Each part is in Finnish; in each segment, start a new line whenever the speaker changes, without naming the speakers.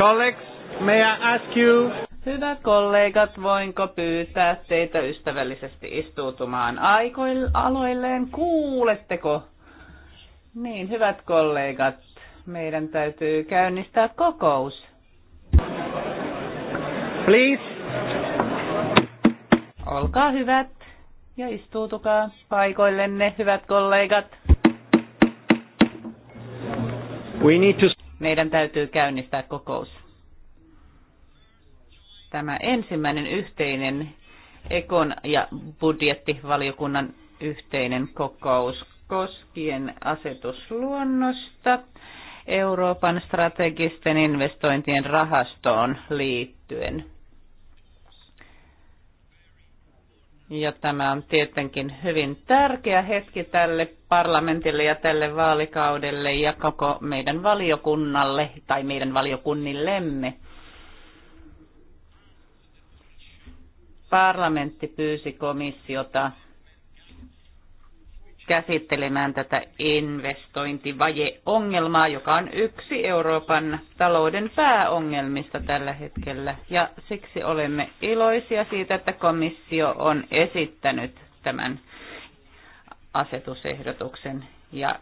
Colleagues, may I ask
you? Hyvät kollegat, voinko pyytää teitä ystävällisesti istuutumaan aikoil, aloilleen? Kuuletteko? Niin, hyvät kollegat, meidän täytyy käynnistää kokous. Please. Olkaa hyvät ja istuutukaa paikoillenne, hyvät kollegat. We need to meidän täytyy käynnistää kokous. Tämä ensimmäinen yhteinen Ekon ja budjettivaliokunnan yhteinen kokous koskien asetusluonnosta Euroopan strategisten investointien rahastoon liittyen. Ja tämä on tietenkin hyvin tärkeä hetki tälle parlamentille ja tälle vaalikaudelle ja koko meidän valiokunnalle tai meidän valiokunnillemme. Parlamentti pyysi komissiota käsittelemään tätä investointivajeongelmaa, joka on yksi Euroopan talouden pääongelmista tällä hetkellä. Ja siksi olemme iloisia siitä, että komissio on esittänyt tämän asetusehdotuksen ja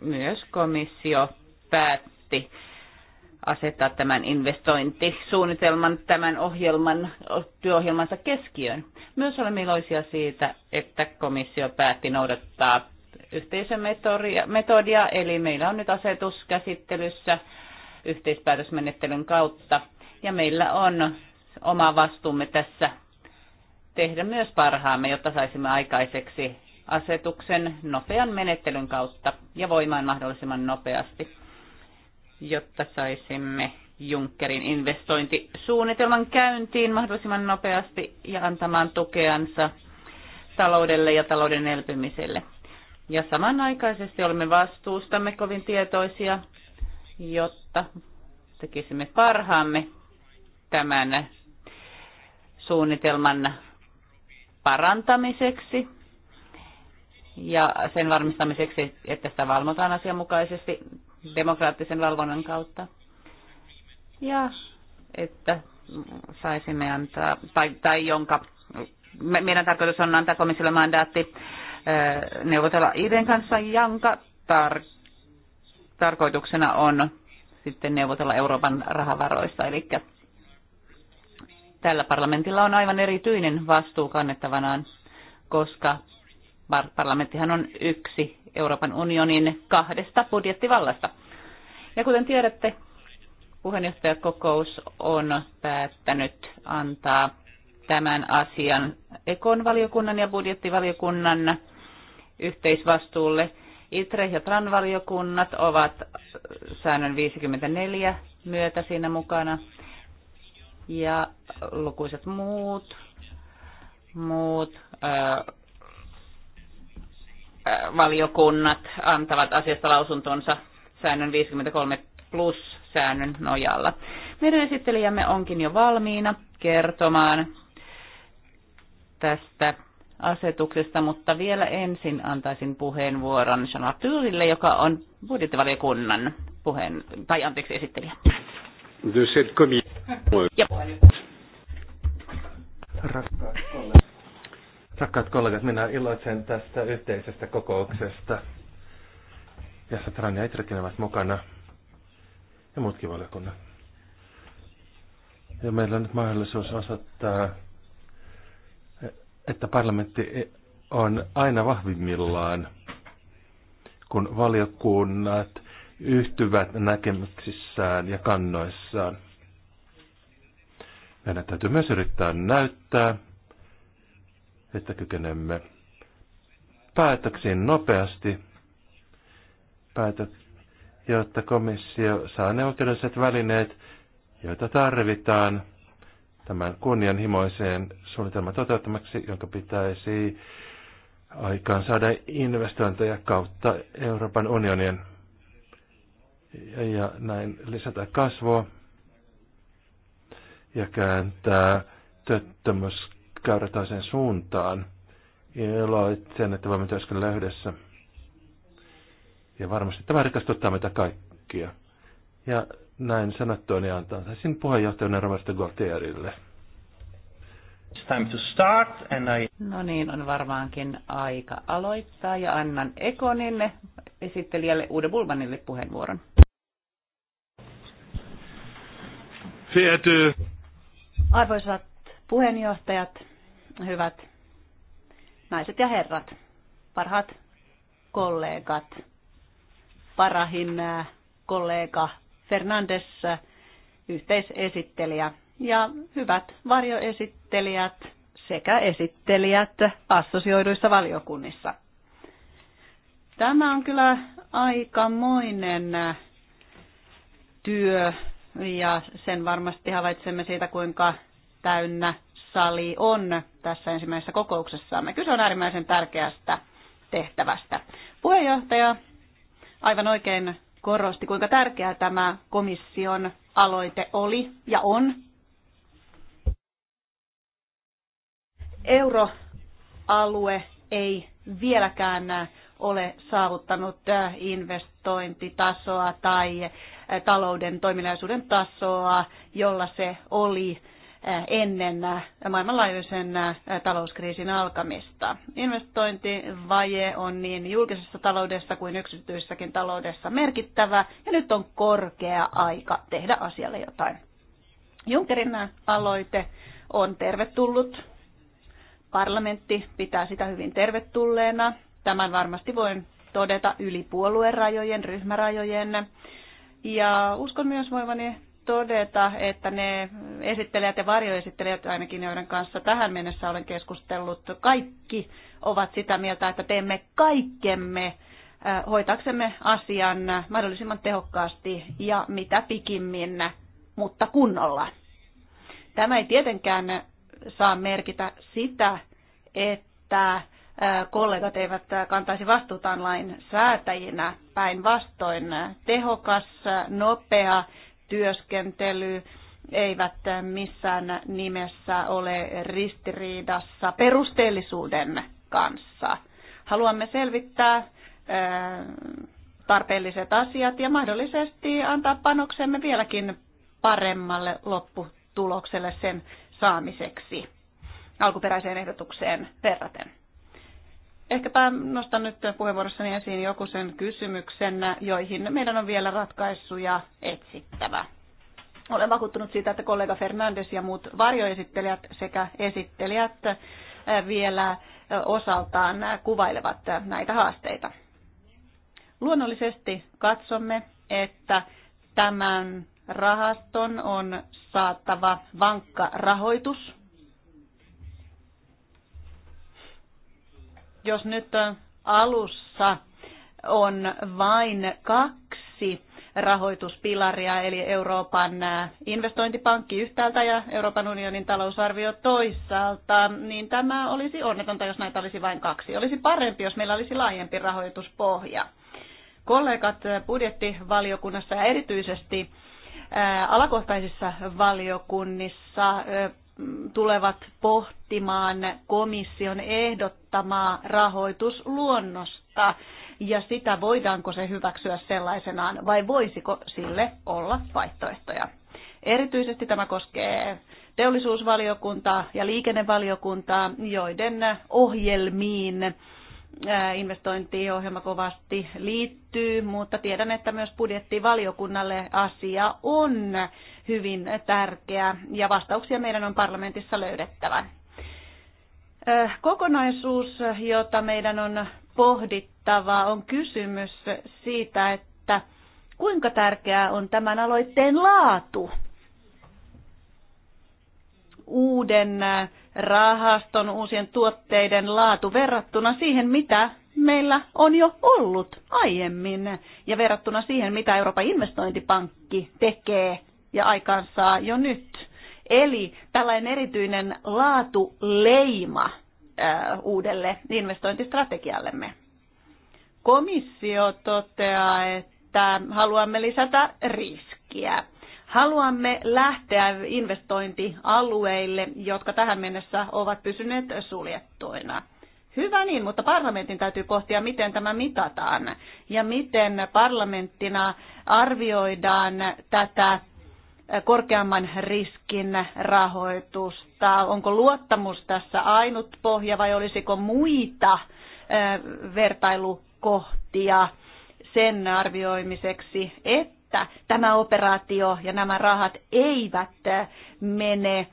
myös komissio päätti asettaa tämän investointisuunnitelman, tämän ohjelman, työohjelmansa keskiöön. Myös olemme iloisia siitä, että komissio päätti noudattaa yhteisömetodia, eli meillä on nyt asetus käsittelyssä yhteispäätösmenettelyn kautta, ja meillä on oma vastuumme tässä tehdä myös parhaamme, jotta saisimme aikaiseksi asetuksen nopean menettelyn kautta ja voimaan mahdollisimman nopeasti jotta saisimme Junckerin investointisuunnitelman käyntiin mahdollisimman nopeasti ja antamaan tukeansa taloudelle ja talouden elpymiselle. Ja samanaikaisesti olemme vastuustamme kovin tietoisia, jotta tekisimme parhaamme tämän suunnitelman parantamiseksi ja sen varmistamiseksi, että sitä valvotaan asianmukaisesti demokraattisen valvonnan kautta. Ja että saisimme antaa, tai, tai jonka, meidän tarkoitus on antaa komissiolle mandaatti neuvotella IDn kanssa, jonka tar- tarkoituksena on sitten neuvotella Euroopan rahavaroista. Eli tällä parlamentilla on aivan erityinen vastuu kannettavanaan, koska parlamenttihan on yksi Euroopan unionin kahdesta budjettivallasta. Ja kuten tiedätte, puheenjohtajakokous on päättänyt antaa tämän asian Ekon valiokunnan ja budjettivaliokunnan yhteisvastuulle. ITRE ja TRAN-valiokunnat ovat säännön 54 myötä siinä mukana ja lukuiset muut, muut ö, valiokunnat antavat asiasta lausuntonsa säännön 53 plus säännön nojalla. Meidän esittelijämme onkin jo valmiina kertomaan tästä asetuksesta, mutta vielä ensin antaisin puheenvuoron Shana Tyrille, joka on budjettivaliokunnan puheen, tai anteeksi esittelijä.
De cette ja. Rakkaat kollegat, minä iloitsen tästä yhteisestä kokouksesta, jossa Tran ja Itrekin ovat mukana ja muutkin valiokunnat. Ja meillä on nyt mahdollisuus osoittaa, että parlamentti on aina vahvimmillaan, kun valiokunnat yhtyvät näkemyksissään ja kannoissaan. Meidän täytyy myös yrittää näyttää, että kykenemme päätöksiin nopeasti, päätö, jotta komissio saa ne oikeudelliset välineet, joita tarvitaan tämän kunnianhimoiseen suunnitelman toteuttamaksi, jonka pitäisi aikaan saada investointeja kautta Euroopan unionin ja näin lisätä kasvua ja kääntää työttömyys käyrä toiseen suuntaan. Iloitsen, että voimme työskennellä yhdessä. Ja varmasti tämä rikastuttaa meitä kaikkia. Ja näin sanottua, niin antaa sen puheenjohtajana Roberto Gualtierille.
I... No niin, on varmaankin aika aloittaa ja annan Ekoninne esittelijälle uuden Bulmanille
puheenvuoron.
Verehrte.
Arvoisat puheenjohtajat, hyvät naiset ja herrat, parhaat kollegat, parahin äh, kollega Fernandes, äh, yhteisesittelijä ja hyvät varjoesittelijät sekä esittelijät assosioiduissa valiokunnissa. Tämä on kyllä aikamoinen äh, työ ja sen varmasti havaitsemme siitä, kuinka täynnä sali on tässä ensimmäisessä kokouksessamme. Kyse on äärimmäisen tärkeästä tehtävästä. Puheenjohtaja aivan oikein korosti, kuinka tärkeä tämä komission aloite oli ja on. Euroalue ei vieläkään ole saavuttanut investointitasoa tai talouden toimilaisuuden tasoa, jolla se oli Eh, ennen eh, maailmanlaajuisen eh, talouskriisin alkamista. Investointivaje on niin julkisessa taloudessa kuin yksityisessäkin taloudessa merkittävä ja nyt on korkea aika tehdä asialle jotain. Junckerin aloite on tervetullut. Parlamentti pitää sitä hyvin tervetulleena. Tämän varmasti voin todeta yli puoluerajojen, ryhmärajojen. Ja uskon myös voivani todeta, että ne esittelijät ja varjoesittelijät ainakin, joiden kanssa tähän mennessä olen keskustellut, kaikki ovat sitä mieltä, että teemme kaikkemme hoitaksemme asian mahdollisimman tehokkaasti ja mitä pikimmin, mutta kunnolla. Tämä ei tietenkään saa merkitä sitä, että kollegat eivät kantaisi vastuutaan lain säätäjinä. Päinvastoin tehokas, nopea työskentely eivät missään nimessä ole ristiriidassa perusteellisuuden kanssa. Haluamme selvittää tarpeelliset asiat ja mahdollisesti antaa panoksemme vieläkin paremmalle lopputulokselle sen saamiseksi alkuperäiseen ehdotukseen verraten. Ehkäpä nostan nyt puheenvuorossani esiin joku sen kysymyksen, joihin meidän on vielä ratkaisuja etsittävä. Olen vakuuttunut siitä, että kollega Fernandes ja muut varjoesittelijät sekä esittelijät vielä osaltaan kuvailevat näitä haasteita. Luonnollisesti katsomme, että tämän rahaston on saatava vankka rahoitus jos nyt alussa on vain kaksi rahoituspilaria, eli Euroopan investointipankki yhtäältä ja Euroopan unionin talousarvio toisaalta, niin tämä olisi onnetonta, jos näitä olisi vain kaksi. Olisi parempi, jos meillä olisi laajempi rahoituspohja. Kollegat budjettivaliokunnassa ja erityisesti alakohtaisissa valiokunnissa tulevat pohtimaan komission ehdottamaa rahoitusluonnosta ja sitä, voidaanko se hyväksyä sellaisenaan vai voisiko sille olla vaihtoehtoja. Erityisesti tämä koskee teollisuusvaliokuntaa ja liikennevaliokuntaa, joiden ohjelmiin investointiohjelma kovasti liittyy, mutta tiedän, että myös budjettivaliokunnalle asia on hyvin tärkeä ja vastauksia meidän on parlamentissa löydettävä. Kokonaisuus, jota meidän on pohdittava, on kysymys siitä, että kuinka tärkeää on tämän aloitteen laatu – uuden äh, rahaston, uusien tuotteiden laatu verrattuna siihen, mitä meillä on jo ollut aiemmin ja verrattuna siihen, mitä Euroopan investointipankki tekee ja aikaansaa jo nyt. Eli tällainen erityinen laatuleima äh, uudelle investointistrategiallemme. Komissio toteaa, että haluamme lisätä
riskiä
Haluamme lähteä investointialueille, jotka tähän mennessä ovat pysyneet suljettuina. Hyvä niin, mutta parlamentin täytyy pohtia, miten tämä mitataan ja miten parlamenttina arvioidaan tätä korkeamman riskin rahoitusta. Onko luottamus tässä ainut pohja vai olisiko muita eh, vertailukohtia sen arvioimiseksi, että että tämä operaatio ja nämä rahat eivät mene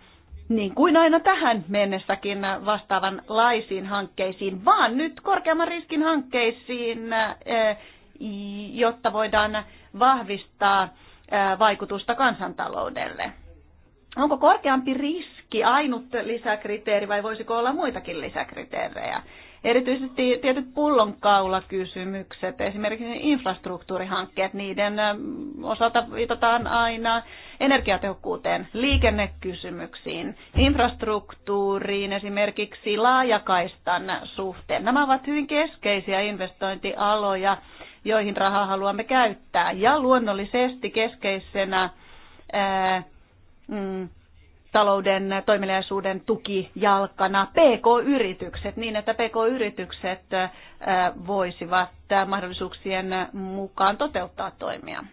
niin kuin aina tähän mennessäkin vastaavanlaisiin hankkeisiin, vaan nyt korkeamman riskin hankkeisiin, eh, jotta voidaan vahvistaa eh, vaikutusta kansantaloudelle. Onko korkeampi riski ainut lisäkriteeri vai voisiko olla muitakin lisäkriteerejä? Erityisesti tietyt pullonkaulakysymykset, esimerkiksi infrastruktuurihankkeet, niiden osalta viitataan aina energiatehokkuuteen, liikennekysymyksiin, infrastruktuuriin, esimerkiksi laajakaistan suhteen. Nämä ovat hyvin keskeisiä investointialoja, joihin rahaa haluamme käyttää. Ja luonnollisesti keskeisenä ää, mm, talouden toimeliaisuuden tukijalkana PK-yritykset niin, että PK-yritykset voisivat mahdollisuuksien mukaan toteuttaa toimia.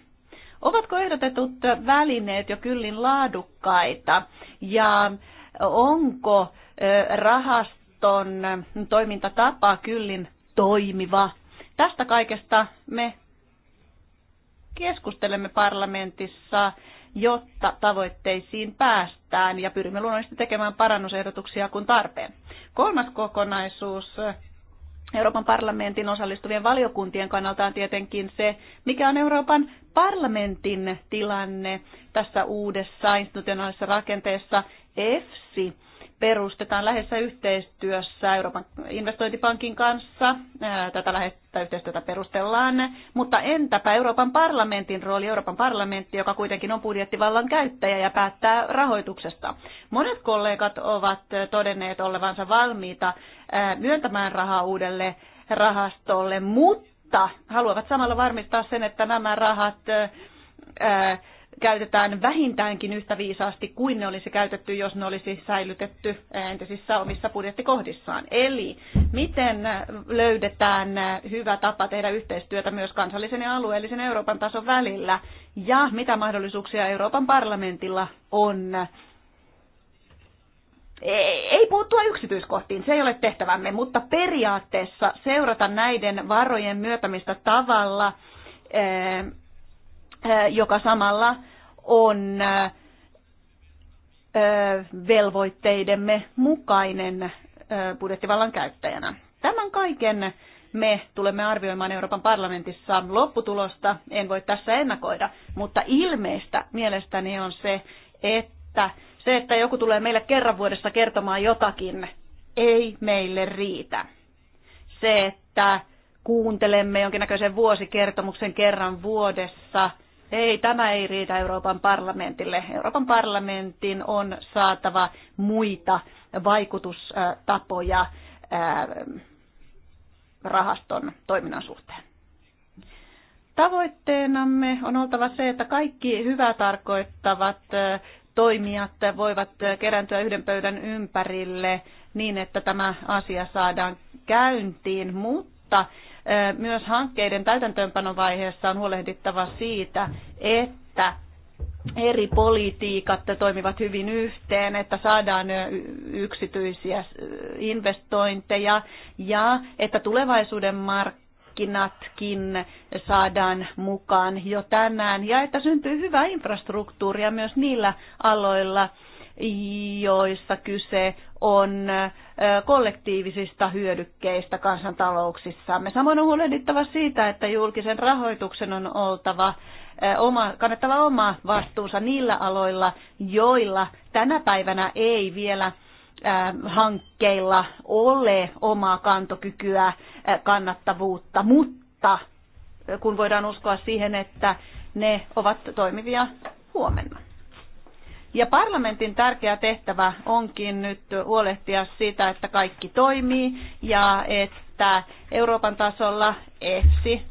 Ovatko ehdotetut välineet jo kyllin laadukkaita ja onko rahaston toimintatapa kyllin toimiva? Tästä kaikesta me keskustelemme parlamentissa jotta tavoitteisiin päästään ja pyrimme luonnollisesti tekemään parannusehdotuksia kun tarpeen. Kolmas kokonaisuus Euroopan parlamentin osallistuvien valiokuntien kannalta on tietenkin se, mikä on Euroopan parlamentin tilanne tässä uudessa institutionaalisessa rakenteessa EFSI perustetaan lähessä yhteistyössä Euroopan investointipankin kanssa. Tätä lähettä yhteistyötä perustellaan. Mutta entäpä Euroopan parlamentin rooli, Euroopan parlamentti, joka kuitenkin on budjettivallan käyttäjä ja päättää rahoituksesta. Monet kollegat ovat todenneet olevansa valmiita myöntämään rahaa uudelle rahastolle, mutta haluavat samalla varmistaa sen, että nämä rahat käytetään vähintäänkin yhtä viisaasti kuin ne olisi käytetty, jos ne olisi säilytetty entisissä omissa budjettikohdissaan. Eli miten löydetään hyvä tapa tehdä yhteistyötä myös kansallisen ja alueellisen Euroopan tason välillä ja mitä mahdollisuuksia Euroopan parlamentilla on ei puuttua yksityiskohtiin, se ei ole tehtävämme, mutta periaatteessa seurata näiden varojen myötämistä tavalla, eh, joka samalla on velvoitteidemme mukainen budjettivallan käyttäjänä. Tämän kaiken me tulemme arvioimaan Euroopan parlamentissa lopputulosta, en voi tässä ennakoida, mutta ilmeistä mielestäni on se, että se, että joku tulee meille kerran vuodessa kertomaan jotakin, ei meille riitä. Se, että kuuntelemme jonkinnäköisen vuosikertomuksen kerran vuodessa – ei, tämä ei riitä Euroopan parlamentille. Euroopan parlamentin on saatava muita vaikutustapoja rahaston toiminnan suhteen. Tavoitteenamme on oltava se, että kaikki hyvää tarkoittavat toimijat voivat kerääntyä yhden pöydän ympärille niin, että tämä asia saadaan käyntiin, mutta myös hankkeiden täytäntöönpanovaiheessa on huolehdittava siitä, että eri politiikat toimivat hyvin yhteen, että saadaan yksityisiä investointeja ja että tulevaisuuden markkinatkin saadaan mukaan jo tänään ja että syntyy hyvää infrastruktuuria myös niillä aloilla, joissa kyse on kollektiivisista hyödykkeistä kansantalouksissamme. Samoin on huolehdittava siitä, että julkisen rahoituksen on oltava oma, kannettava oma vastuunsa niillä aloilla, joilla tänä päivänä ei vielä hankkeilla ole omaa kantokykyä, kannattavuutta, mutta kun voidaan uskoa siihen, että ne ovat toimivia huomenna. Ja parlamentin tärkeä tehtävä onkin nyt huolehtia siitä, että kaikki toimii ja että Euroopan tasolla EFSI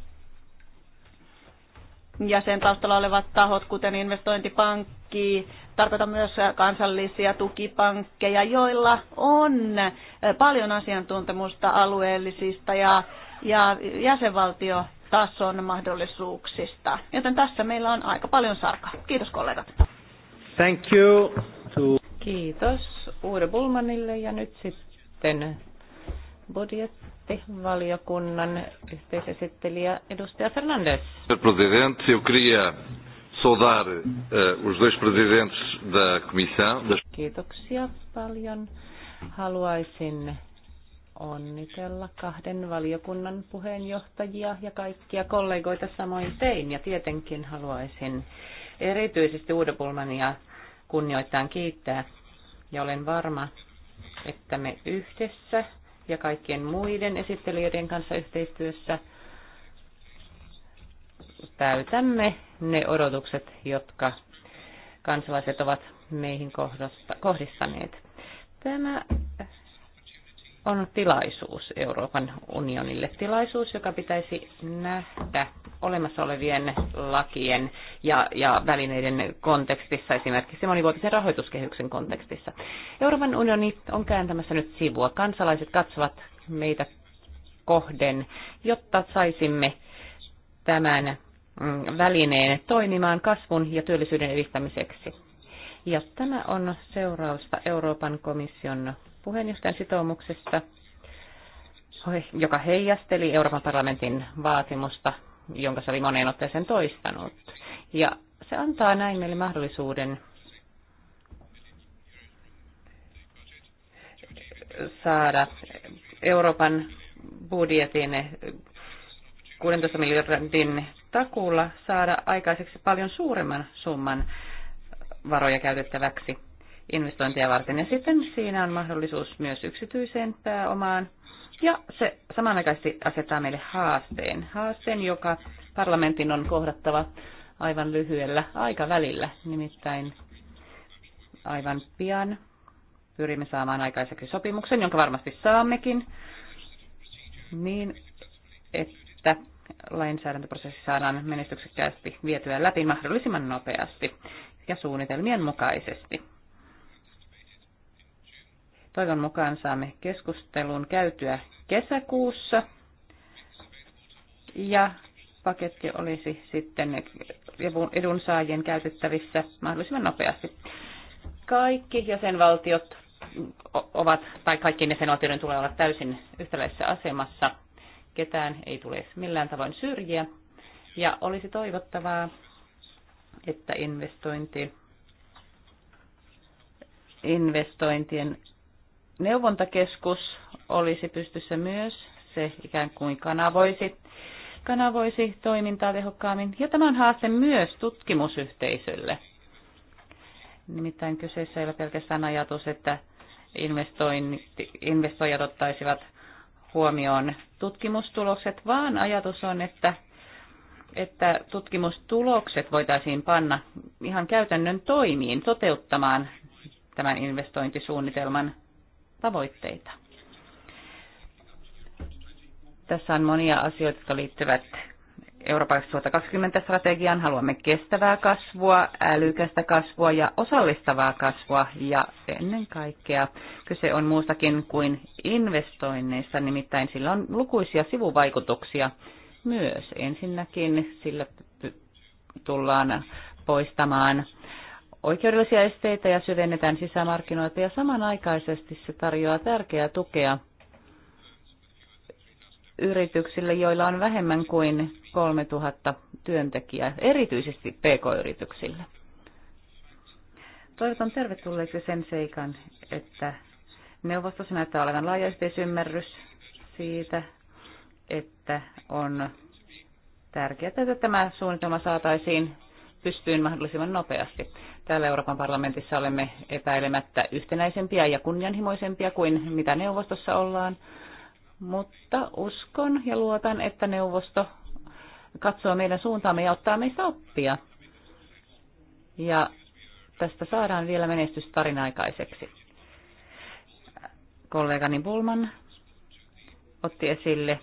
ja sen taustalla olevat tahot, kuten investointipankki, tarkoitan myös kansallisia tukipankkeja, joilla on paljon asiantuntemusta alueellisista ja, ja jäsenvaltiotason mahdollisuuksista. Joten tässä meillä on aika paljon sarkaa. Kiitos kollegat.
Thank you to...
Kiitos Uure Bulmanille ja nyt sitten budjettivaliokunnan yhteisesittelijä edustaja Fernandes.
Presidente, eu queria saudar uh, os dois presidentes da comissão.
Kiitoksia paljon. Haluaisin onnitella kahden valiokunnan puheenjohtajia ja kaikkia kollegoita samoin tein. Ja tietenkin haluaisin erityisesti Uudepulmania kunnioittain kiittää. Ja olen varma, että me yhdessä ja kaikkien muiden esittelijöiden kanssa yhteistyössä täytämme ne odotukset, jotka kansalaiset ovat meihin kohdistaneet. Tämä on tilaisuus Euroopan unionille. Tilaisuus, joka pitäisi nähdä olemassa olevien lakien ja, ja välineiden kontekstissa, esimerkiksi monivuotisen rahoituskehyksen kontekstissa. Euroopan unioni on kääntämässä nyt sivua. Kansalaiset katsovat meitä kohden, jotta saisimme tämän mm, välineen toimimaan kasvun ja työllisyyden edistämiseksi. Ja tämä on seurausta Euroopan komission puheenjohtajan sitoumuksesta, joka heijasteli Euroopan parlamentin vaatimusta, jonka se oli moneen otteeseen toistanut. Ja se antaa näin meille mahdollisuuden saada Euroopan budjetin 16 miljardin takuulla saada aikaiseksi paljon suuremman summan varoja käytettäväksi investointeja varten. Ja sitten siinä on mahdollisuus myös yksityiseen pääomaan. Ja se samanaikaisesti asettaa meille haasteen. Haasteen, joka parlamentin on kohdattava aivan lyhyellä aikavälillä. Nimittäin aivan pian pyrimme saamaan aikaiseksi sopimuksen, jonka varmasti saammekin, niin että lainsäädäntöprosessi saadaan menestyksekkäästi vietyä läpi mahdollisimman nopeasti ja suunnitelmien mukaisesti. Toivon mukaan saamme keskustelun käytyä kesäkuussa. Ja paketti olisi sitten edunsaajien käytettävissä mahdollisimman nopeasti. Kaikki jäsenvaltiot ovat, tai kaikki jäsenvaltioiden tulee olla täysin yhtäläisessä asemassa. Ketään ei tule millään tavoin syrjiä. Ja olisi toivottavaa, että investointi, investointien neuvontakeskus olisi pystyssä myös. Se ikään kuin kanavoisi, kanavoisi toimintaa tehokkaammin. Ja tämä on haaste myös tutkimusyhteisölle. Nimittäin kyseessä ei ole pelkästään ajatus, että investoijat ottaisivat huomioon tutkimustulokset, vaan ajatus on, että, että tutkimustulokset voitaisiin panna ihan käytännön toimiin toteuttamaan tämän investointisuunnitelman tavoitteita. Tässä on monia asioita, jotka liittyvät Euroopan 2020 strategiaan. Haluamme kestävää kasvua, älykästä kasvua ja osallistavaa kasvua. Ja ennen kaikkea kyse on muustakin kuin investoinneista, nimittäin sillä on lukuisia sivuvaikutuksia myös. Ensinnäkin sillä tullaan poistamaan oikeudellisia esteitä ja syvennetään sisämarkkinoita ja samanaikaisesti se tarjoaa tärkeää tukea yrityksille, joilla on vähemmän kuin 3000 työntekijää, erityisesti pk-yrityksille. Toivotan tervetulleeksi sen seikan, että neuvostossa näyttää olevan laaja yhteisymmärrys siitä, että on tärkeää, että tämä suunnitelma saataisiin pystyyn mahdollisimman nopeasti. Täällä Euroopan parlamentissa olemme epäilemättä yhtenäisempiä ja kunnianhimoisempia kuin mitä neuvostossa ollaan, mutta uskon ja luotan, että neuvosto katsoo meidän suuntaamme ja ottaa meistä oppia. Ja tästä saadaan vielä menestystarin aikaiseksi. Kollegani Bulman otti esille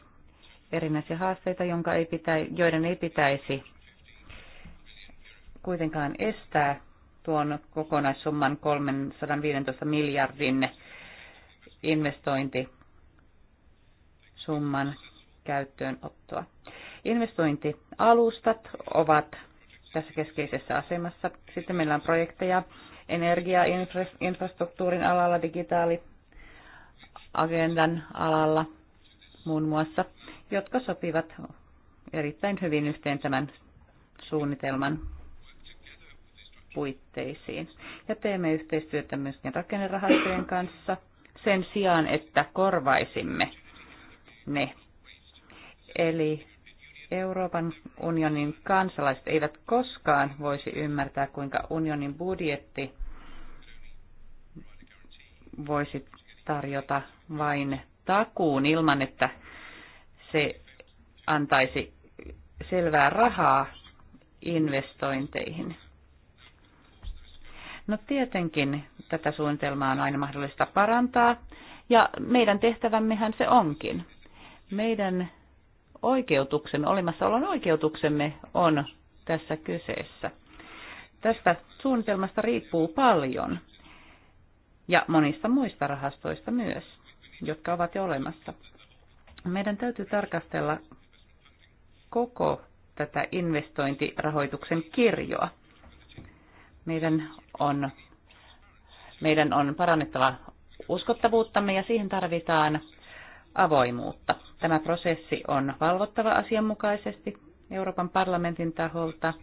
erinäisiä haasteita, jonka ei pitä, joiden ei pitäisi kuitenkaan estää tuon kokonaissumman 315 miljardin investointisumman käyttöönottoa. Investointialustat ovat tässä keskeisessä asemassa. Sitten meillä on projekteja energiainfrastruktuurin alalla, digitaaliagendan alalla muun muassa, jotka sopivat erittäin hyvin yhteen tämän suunnitelman puitteisiin. Ja teemme yhteistyötä myöskin rakennerahastojen kanssa sen sijaan, että korvaisimme ne. Eli Euroopan unionin kansalaiset eivät koskaan voisi ymmärtää, kuinka unionin budjetti voisi tarjota vain takuun ilman, että se antaisi selvää rahaa investointeihin. No tietenkin tätä suunnitelmaa on aina mahdollista parantaa ja meidän tehtävämmehän se onkin. Meidän oikeutuksemme, olemassaolon oikeutuksemme on tässä kyseessä. Tästä suunnitelmasta riippuu paljon ja monista muista rahastoista myös, jotka ovat jo olemassa. Meidän täytyy tarkastella koko tätä investointirahoituksen kirjoa. Meidän on, meidän on parannettava uskottavuuttamme ja siihen tarvitaan avoimuutta. Tämä prosessi on valvottava asianmukaisesti Euroopan parlamentin taholta.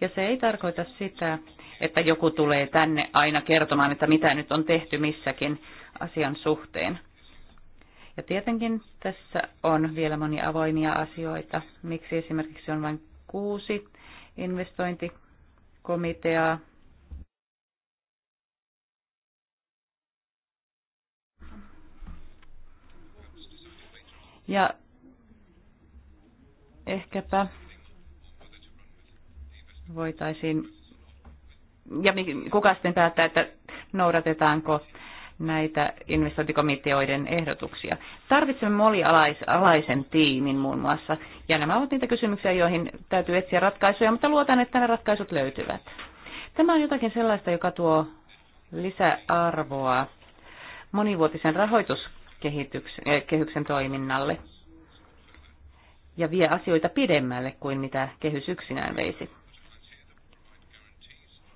Ja se ei tarkoita sitä, että joku tulee tänne aina kertomaan, että mitä nyt on tehty missäkin asian suhteen. Ja tietenkin tässä on vielä monia avoimia asioita. Miksi esimerkiksi on vain kuusi investointikomiteaa Ja ehkäpä voitaisiin, ja kuka sitten päättää, että noudatetaanko näitä investointikomiteoiden ehdotuksia. Tarvitsemme molialaisen tiimin muun muassa, ja nämä ovat niitä kysymyksiä, joihin täytyy etsiä ratkaisuja, mutta luotan, että nämä ratkaisut löytyvät. Tämä on jotakin sellaista, joka tuo lisäarvoa monivuotisen rahoitus Eh, kehyksen toiminnalle ja vie asioita pidemmälle kuin mitä kehys yksinään veisi.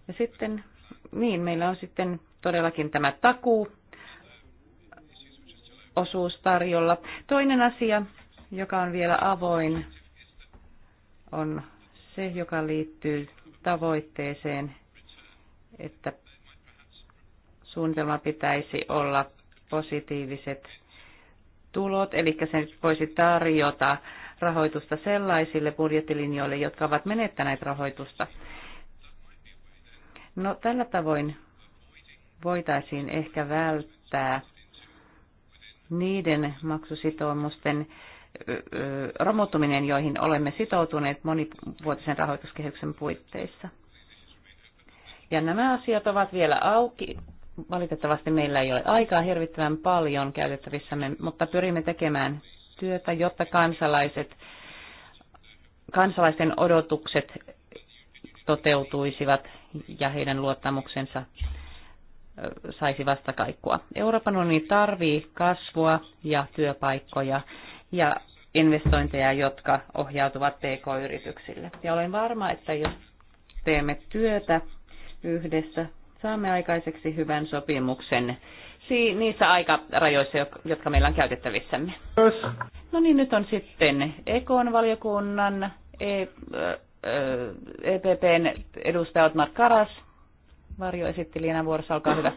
Ja sitten, niin, meillä on sitten todellakin tämä takuu osuus tarjolla. Toinen asia, joka on vielä avoin, on se, joka liittyy tavoitteeseen, että suunnitelma pitäisi olla positiiviset tulot, eli se voisi tarjota rahoitusta sellaisille budjettilinjoille, jotka ovat menettäneet rahoitusta. No tällä tavoin voitaisiin ehkä välttää niiden maksusitoumusten romuttuminen, joihin olemme sitoutuneet monivuotisen rahoituskehyksen puitteissa. Ja nämä asiat ovat vielä auki, Valitettavasti meillä ei ole aikaa hirvittävän paljon käytettävissämme, mutta pyrimme tekemään työtä, jotta kansalaiset, kansalaisten odotukset toteutuisivat ja heidän luottamuksensa saisi vastakaikkua. Euroopan unioni tarvii kasvua ja työpaikkoja ja investointeja, jotka ohjautuvat PK-yrityksille. Ja olen varma, että jos teemme työtä yhdessä saamme aikaiseksi hyvän sopimuksen si- niissä aikarajoissa, jotka meillä on käytettävissämme. No niin, nyt on sitten Ekon valiokunnan e- EPPn edustaja Otmar Karas. Varjo esitti Liina vuorossa, olkaa hyvä.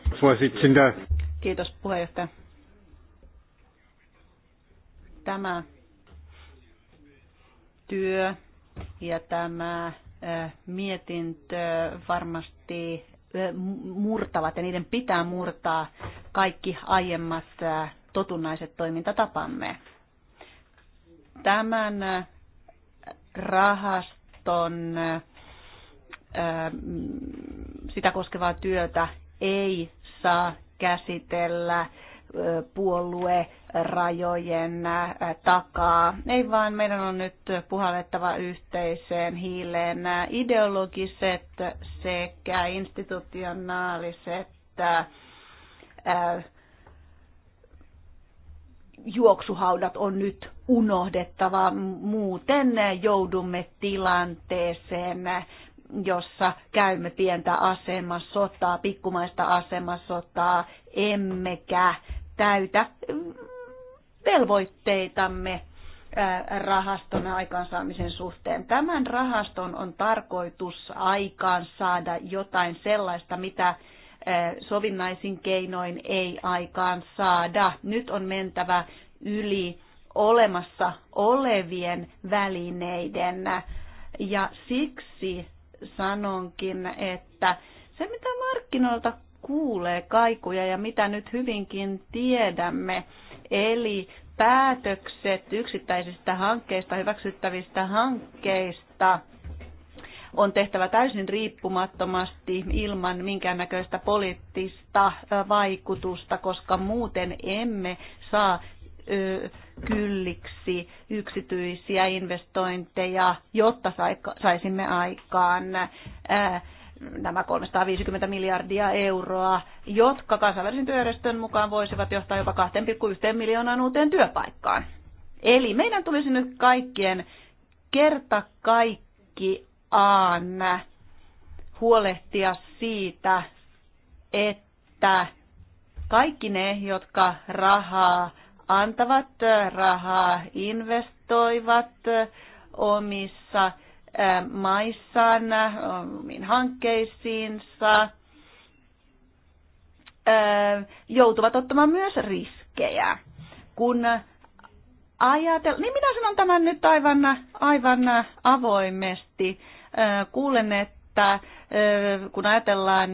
Kiitos puheenjohtaja. Tämä työ ja tämä mietintö varmasti murtavat ja niiden pitää murtaa kaikki aiemmat totunnaiset toimintatapamme. Tämän rahaston sitä koskevaa työtä ei saa käsitellä puolue-rajojen äh, takaa. Ei vaan meidän on nyt puhallettava yhteiseen hiileen ideologiset sekä institutionaaliset äh, juoksuhaudat on nyt unohdettava. Muuten joudumme tilanteeseen, jossa käymme pientä asemasotaa, pikkumaista asemasotaa, emmekä täytä mm, velvoitteitamme rahaston aikaansaamisen suhteen. Tämän rahaston on tarkoitus aikaan saada jotain sellaista, mitä sovinnaisin keinoin ei aikaan saada. Nyt on mentävä yli olemassa olevien välineiden ja siksi sanonkin, että se mitä markkinoilta kuulee kaikuja ja mitä nyt hyvinkin tiedämme. Eli päätökset yksittäisistä hankkeista, hyväksyttävistä hankkeista on tehtävä täysin riippumattomasti ilman minkäännäköistä poliittista vaikutusta, koska muuten emme saa kylliksi yksityisiä investointeja, jotta saisimme aikaan nämä 350 miljardia euroa, jotka kansainvälisen työjärjestön mukaan voisivat johtaa jopa 2,1 miljoonaan uuteen työpaikkaan. Eli meidän tulisi nyt kaikkien kerta kaikki kaikkiaan huolehtia siitä, että kaikki ne, jotka rahaa antavat, rahaa investoivat omissa Äh, maissaan, omiin hankkeisiinsa, äh, joutuvat ottamaan myös riskejä. Kun ajatella, niin minä sanon tämän nyt aivan, aivan avoimesti. Äh, kuulen, että kun ajatellaan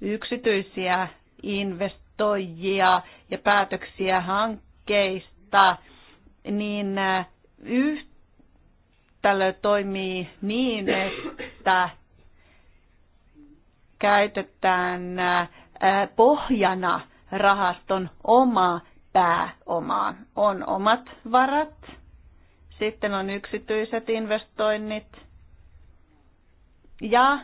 yksityisiä investoijia ja päätöksiä hankkeista, niin yhtä yhtälö toimii niin, että käytetään äh, pohjana rahaston oma pääomaa. On omat varat, sitten on yksityiset investoinnit ja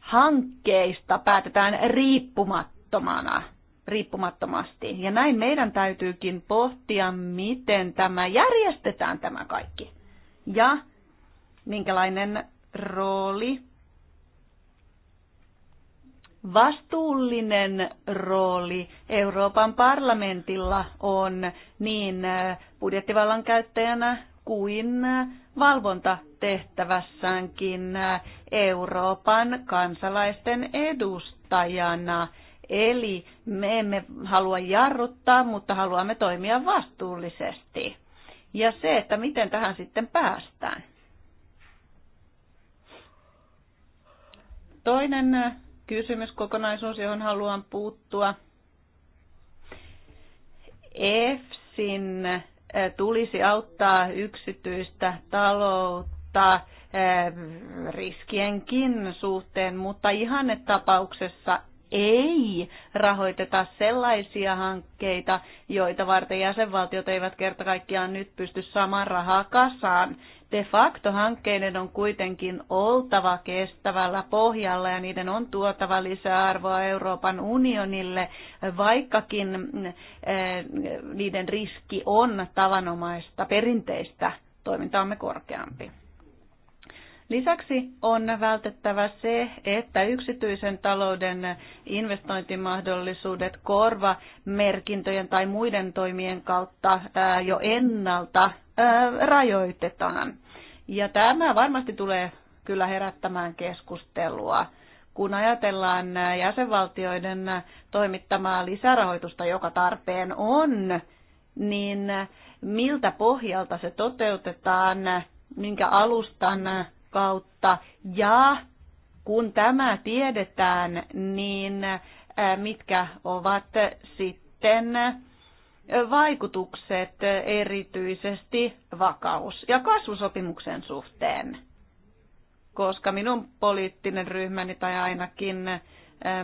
hankkeista päätetään riippumattomana riippumattomasti. Ja näin meidän täytyykin pohtia, miten tämä järjestetään tämä kaikki. Ja minkälainen rooli vastuullinen rooli Euroopan parlamentilla on niin äh, budjettivallan käyttäjänä kuin valvontatehtävässäänkin äh, Euroopan kansalaisten edustajana. Eli me emme halua jarruttaa, mutta haluamme toimia vastuullisesti. Ja se, että miten tähän sitten päästään. Toinen äh, kysymyskokonaisuus, johon haluan puuttua. EFSin äh, tulisi auttaa yksityistä taloutta äh, riskienkin suhteen, mutta tapauksessa ei rahoiteta sellaisia hankkeita, joita varten jäsenvaltiot eivät kerta kaikkiaan nyt pysty saman rahaa kasaan. De facto hankkeiden on kuitenkin oltava kestävällä pohjalla ja niiden on tuotava lisäarvoa Euroopan unionille, vaikkakin eh, niiden riski on tavanomaista perinteistä toimintaamme korkeampi. Lisäksi on vältettävä se, että yksityisen talouden investointimahdollisuudet korva merkintöjen tai muiden toimien kautta jo ennalta rajoitetaan. Ja tämä varmasti tulee kyllä herättämään keskustelua, kun ajatellaan jäsenvaltioiden toimittamaa lisärahoitusta, joka tarpeen on, niin miltä pohjalta se toteutetaan, minkä alustan rakkautta. ja kun tämä tiedetään, niin mitkä ovat sitten vaikutukset erityisesti vakaus- ja kasvusopimuksen suhteen? Koska minun poliittinen ryhmäni tai ainakin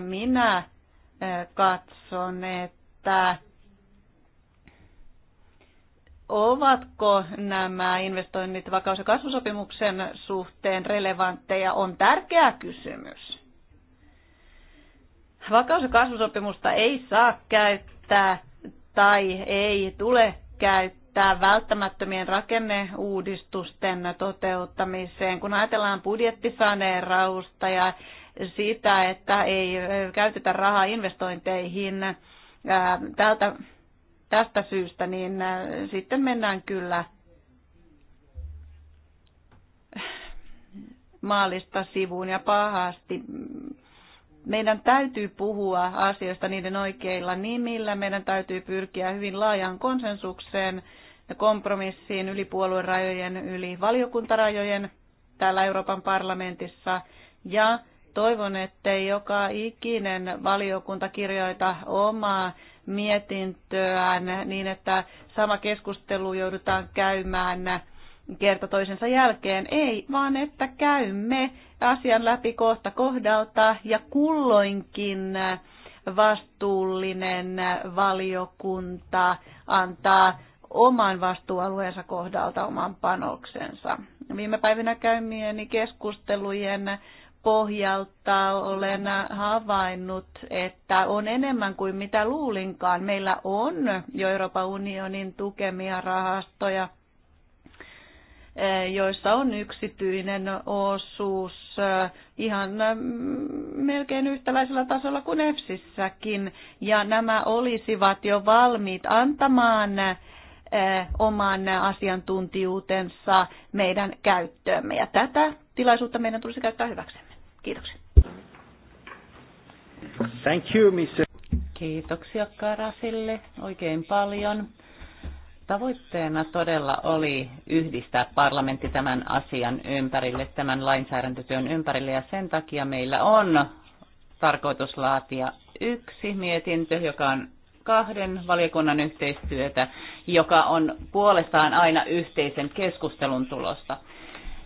minä katson, että ovatko nämä investoinnit vakaus- ja kasvusopimuksen suhteen relevantteja, on tärkeä kysymys. Vakaus- ja kasvusopimusta ei saa käyttää tai ei tule käyttää välttämättömien rakenneuudistusten toteuttamiseen. Kun ajatellaan budjettisaneerausta ja sitä, että ei käytetä rahaa investointeihin, tältä tästä syystä, niin äh, sitten mennään kyllä maalista sivuun ja pahasti. Meidän täytyy puhua asioista niiden oikeilla nimillä. Meidän täytyy pyrkiä hyvin laajaan konsensukseen ja kompromissiin yli puoluerajojen, yli valiokuntarajojen täällä Euroopan parlamentissa. Ja toivon, ettei joka ikinen valiokunta kirjoita omaa mietintöään niin, että sama keskustelu joudutaan käymään kerta toisensa jälkeen. Ei, vaan että käymme asian läpi kohta kohdalta ja kulloinkin vastuullinen valiokunta antaa oman vastuualueensa kohdalta oman panoksensa. Viime päivinä käymieni keskustelujen pohjalta olen havainnut, että on enemmän kuin mitä luulinkaan. Meillä on jo Euroopan unionin tukemia rahastoja, eh, joissa on yksityinen osuus eh, ihan mm, melkein yhtäläisellä tasolla kuin EFSissäkin. Ja nämä olisivat jo valmiit antamaan eh, oman asiantuntijuutensa meidän käyttöömme. Ja tätä tilaisuutta meidän tulisi käyttää hyväksemme. Kiitoksia.
Thank you, Mr. Kiitoksia Karasille oikein paljon. Tavoitteena todella oli yhdistää parlamentti tämän asian ympärille, tämän lainsäädäntötyön ympärille, ja sen takia meillä on tarkoitus laatia yksi mietintö, joka on kahden valiokunnan yhteistyötä, joka on puolestaan aina yhteisen keskustelun tulosta.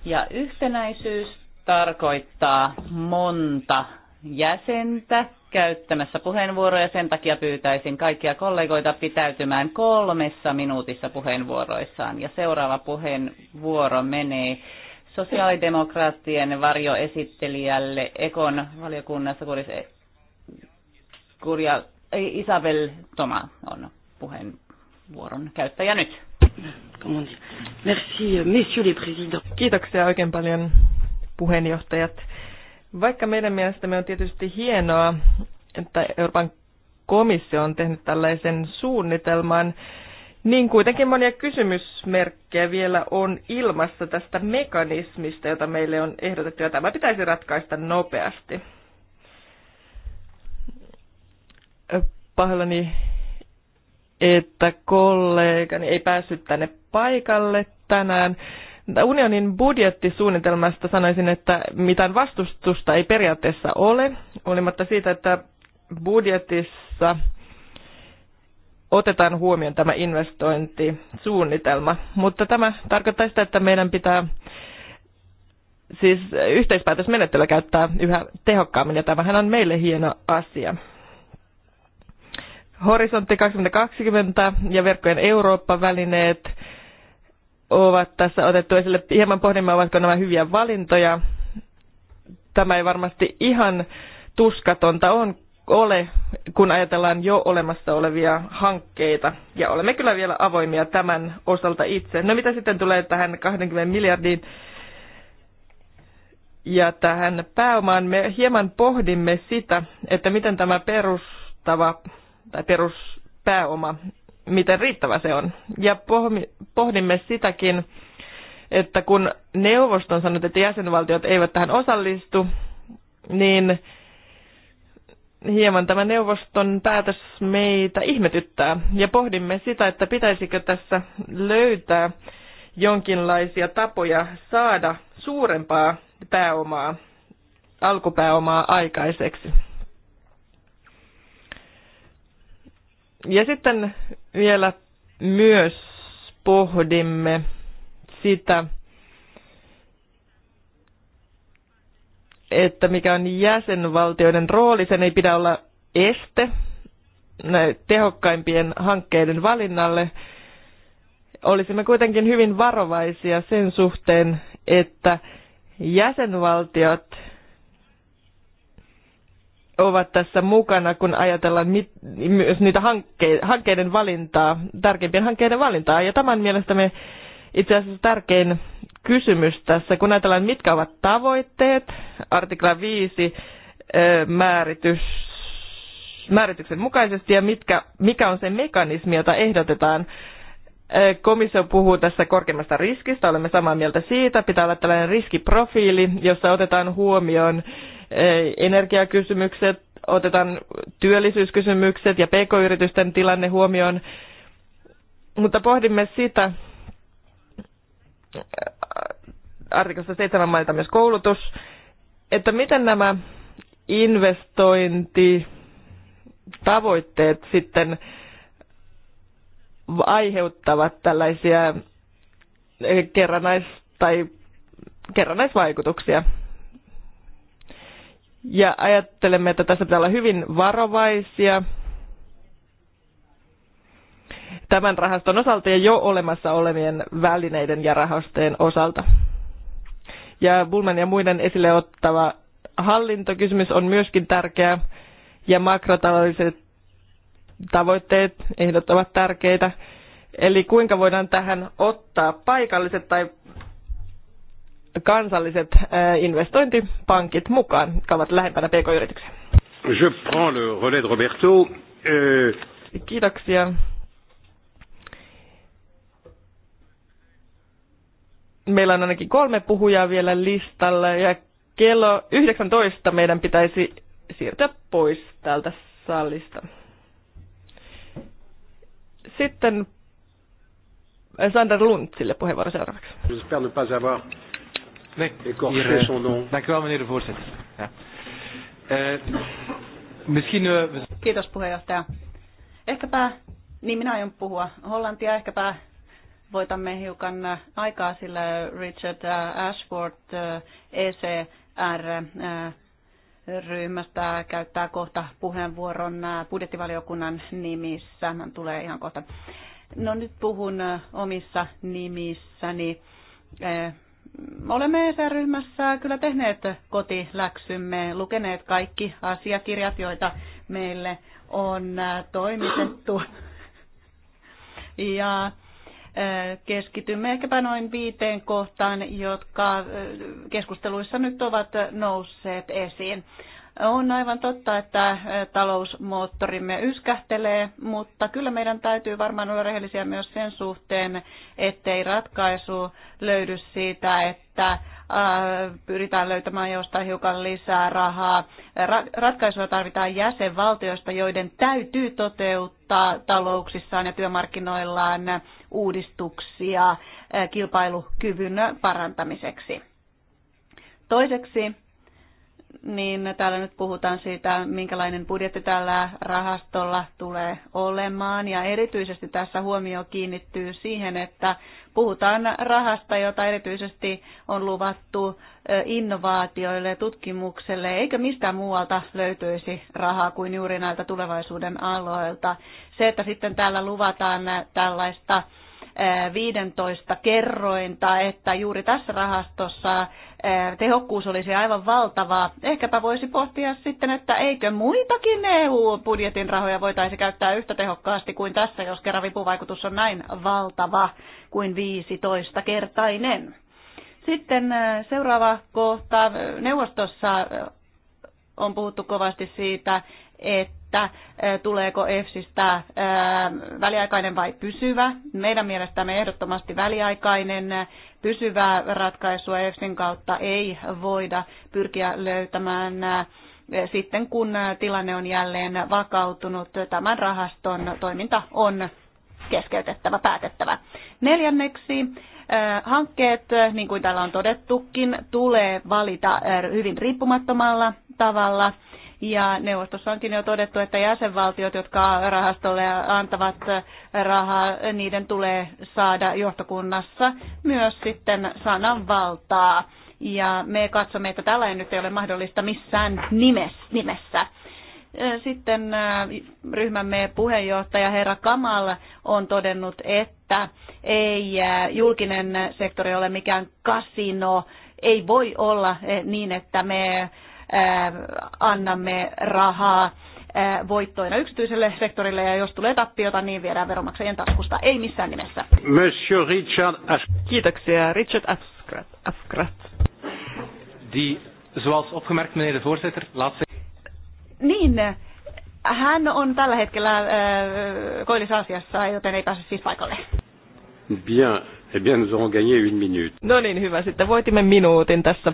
Ja yhtenäisyys tarkoittaa monta jäsentä käyttämässä puheenvuoroja. Sen takia pyytäisin kaikkia kollegoita pitäytymään kolmessa minuutissa puheenvuoroissaan. Ja seuraava puheenvuoro menee sosiaalidemokraattien varjoesittelijälle Ekon valiokunnassa, kuris kurja, Isabel Toma on puheenvuoron käyttäjä nyt.
Merci, messieurs les présidents. Kiitoksia oikein paljon puheenjohtajat. Vaikka meidän mielestämme on tietysti hienoa, että Euroopan komissio on tehnyt tällaisen suunnitelman, niin kuitenkin monia kysymysmerkkejä vielä on ilmassa tästä mekanismista, jota meille on ehdotettu, ja tämä pitäisi ratkaista nopeasti. Pahoillani, että kollegani ei päässyt tänne paikalle tänään. Unionin budjettisuunnitelmasta sanoisin, että mitään vastustusta ei periaatteessa ole, olimatta siitä, että budjetissa otetaan huomioon tämä investointisuunnitelma. Mutta tämä tarkoittaa sitä, että meidän pitää siis yhteispäätösmenettelyä käyttää yhä tehokkaammin, ja tämähän on meille hieno asia. Horisontti 2020 ja verkkojen Eurooppa-välineet ovat tässä otettu esille. Hieman pohdimme, ovatko nämä hyviä valintoja. Tämä ei varmasti ihan tuskatonta on, ole, kun ajatellaan jo olemassa olevia hankkeita. Ja olemme kyllä vielä avoimia tämän osalta itse. No mitä sitten tulee tähän 20 miljardiin ja tähän pääomaan? Me hieman pohdimme sitä, että miten tämä perustava tai peruspääoma miten riittävä se on. Ja pohdimme sitäkin, että kun neuvosto on sanonut, että jäsenvaltiot eivät tähän osallistu, niin hieman tämä neuvoston päätös meitä ihmetyttää. Ja pohdimme sitä, että pitäisikö tässä löytää jonkinlaisia tapoja saada suurempaa pääomaa, alkupääomaa aikaiseksi. Ja sitten vielä myös pohdimme sitä, että mikä on jäsenvaltioiden rooli, sen ei pidä olla este tehokkaimpien hankkeiden valinnalle. Olisimme kuitenkin hyvin varovaisia sen suhteen, että jäsenvaltiot ovat tässä mukana, kun ajatellaan mit, myös niitä hankke, hankkeiden valintaa, tärkeimpien hankkeiden valintaa. Ja tämän mielestämme itse asiassa tärkein kysymys tässä, kun ajatellaan, mitkä ovat tavoitteet, artikla 5 määritys, määrityksen mukaisesti ja mitkä, mikä on se mekanismi, jota ehdotetaan. Komissio puhuu tässä korkeimmasta riskistä, olemme samaa mieltä siitä. Pitää olla tällainen riskiprofiili, jossa otetaan huomioon energiakysymykset, otetaan työllisyyskysymykset ja pk-yritysten tilanne huomioon, mutta pohdimme sitä, äh, artikosta 7 mainita myös koulutus, että miten nämä investointitavoitteet sitten aiheuttavat tällaisia kerranais- tai kerrannaisvaikutuksia. Ja ajattelemme, että tässä pitää olla hyvin varovaisia tämän rahaston osalta ja jo olemassa olevien välineiden ja rahastojen osalta. Ja Bulman ja muiden esille ottava hallintokysymys on myöskin tärkeä ja makrotaloudelliset tavoitteet, ehdot ovat tärkeitä. Eli kuinka voidaan tähän ottaa paikalliset tai kansalliset äh, investointipankit mukaan, jotka ovat lähempänä pk-yrityksiä.
Je prends le relais de Roberto. Euh,
Kiitoksia. Meillä on ainakin kolme puhujaa vielä listalla ja kello 19 meidän pitäisi siirtyä pois täältä salista. Sitten Sander Lundsille puheenvuoro seuraavaksi.
Nee, ik hier, son
nom. Dank u wel, meneer de voorzitter. Ja. Uh, misschien,
uh,
Kiitos puheenjohtaja. Ehkäpä, niin minä aion puhua hollantia, ehkäpä voitamme hiukan äh, aikaa, sillä Richard äh, Ashford äh, ECR-ryhmästä käyttää kohta puheenvuoron budjettivaliokunnan nimissä. Hän tulee ihan kohta. No nyt puhun omissa nimissäni olemme ESR-ryhmässä kyllä tehneet kotiläksymme, lukeneet kaikki asiakirjat, joita meille on äh, toimitettu. Ja äh, keskitymme ehkäpä noin viiteen kohtaan, jotka äh, keskusteluissa nyt ovat nousseet esiin. On aivan totta, että äh, talousmoottorimme yskähtelee, mutta kyllä meidän täytyy varmaan olla rehellisiä myös sen suhteen, ettei ratkaisu löydy siitä, että äh, pyritään löytämään jostain hiukan lisää rahaa. Ratkaisua tarvitaan jäsenvaltioista, joiden täytyy toteuttaa talouksissaan ja työmarkkinoillaan uudistuksia äh, kilpailukyvyn parantamiseksi. Toiseksi niin täällä nyt puhutaan siitä, minkälainen budjetti tällä rahastolla tulee olemaan. Ja erityisesti tässä huomio kiinnittyy siihen, että puhutaan rahasta, jota erityisesti on luvattu innovaatioille ja tutkimukselle, eikä mistään muualta löytyisi rahaa kuin juuri näiltä tulevaisuuden aloilta. Se, että sitten täällä luvataan tällaista 15 kerrointa, että juuri tässä rahastossa Eh, tehokkuus olisi aivan valtavaa. Ehkäpä voisi pohtia sitten, että eikö muitakin EU-budjetin rahoja voitaisi käyttää yhtä tehokkaasti kuin tässä, jos kerran vipuvaikutus on näin valtava kuin 15-kertainen. Sitten eh, seuraava kohta. Neuvostossa eh, on puhuttu kovasti siitä, että että tuleeko EFSistä väliaikainen vai pysyvä. Meidän mielestämme ehdottomasti väliaikainen pysyvä ratkaisu EFSin kautta ei voida pyrkiä löytämään sitten kun tilanne on jälleen vakautunut, tämän rahaston toiminta on keskeytettävä, päätettävä. Neljänneksi, hankkeet, niin kuin täällä on todettukin, tulee valita hyvin riippumattomalla tavalla – ja neuvostossa onkin jo todettu, että jäsenvaltiot, jotka rahastolle antavat rahaa, niiden tulee saada johtokunnassa myös sitten sananvaltaa. Ja me katsomme, että tällainen nyt ei ole mahdollista missään nimessä. Sitten ryhmämme puheenjohtaja herra Kamal on todennut, että ei julkinen sektori ole mikään kasino. Ei voi olla niin, että me Ähm, annamme rahaa äh, voittoina yksityiselle sektorille ja jos tulee tappiota, niin viedään veronmaksajien taskusta. Ei missään nimessä.
Monsieur Richard As-
Kiitoksia. Richard
Afgrat. Die, zoals opgemerkt, meneer de voorzitter, laatste...
Niin,
hän on tällä hetkellä äh, koillisasiassa, joten ei pääse siis paikalle.
Bien. Eh bien, nous aurons gagné une minute. No niin, hyvä. Sitten voitimme minuutin tässä.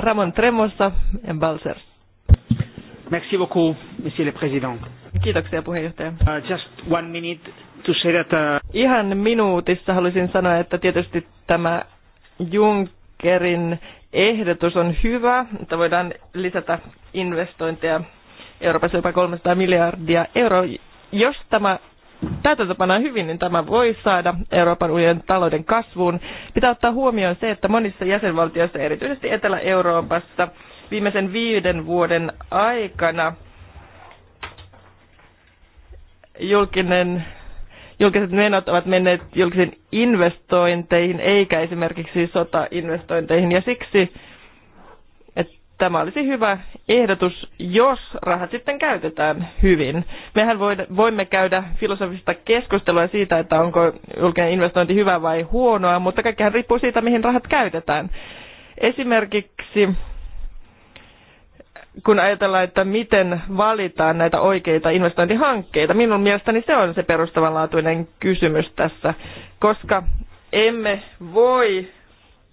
Ramon Tremosa, ja Balser. Merci beaucoup, monsieur le président. Kiitoksia puheenjohtaja. Uh, just one minute to say that, uh... Ihan minuutissa haluaisin sanoa, että tietysti tämä Junckerin ehdotus on hyvä, että voidaan lisätä investointeja Euroopassa jopa 300 miljardia euroa. Jos tämä Tätä tapana hyvin, niin tämä voi saada Euroopan unionin talouden kasvuun. Pitää ottaa huomioon se, että monissa jäsenvaltioissa, erityisesti Etelä-Euroopassa, viimeisen viiden vuoden aikana julkinen, julkiset menot ovat menneet julkisiin investointeihin, eikä esimerkiksi sotainvestointeihin, ja siksi Tämä olisi hyvä ehdotus, jos rahat sitten käytetään hyvin. Mehän voimme käydä filosofista keskustelua siitä, että onko julkinen investointi hyvä vai huonoa, mutta kaikkihan riippuu siitä, mihin rahat käytetään. Esimerkiksi kun ajatellaan, että miten valitaan näitä oikeita investointihankkeita, minun mielestäni se on se perustavanlaatuinen kysymys tässä, koska emme voi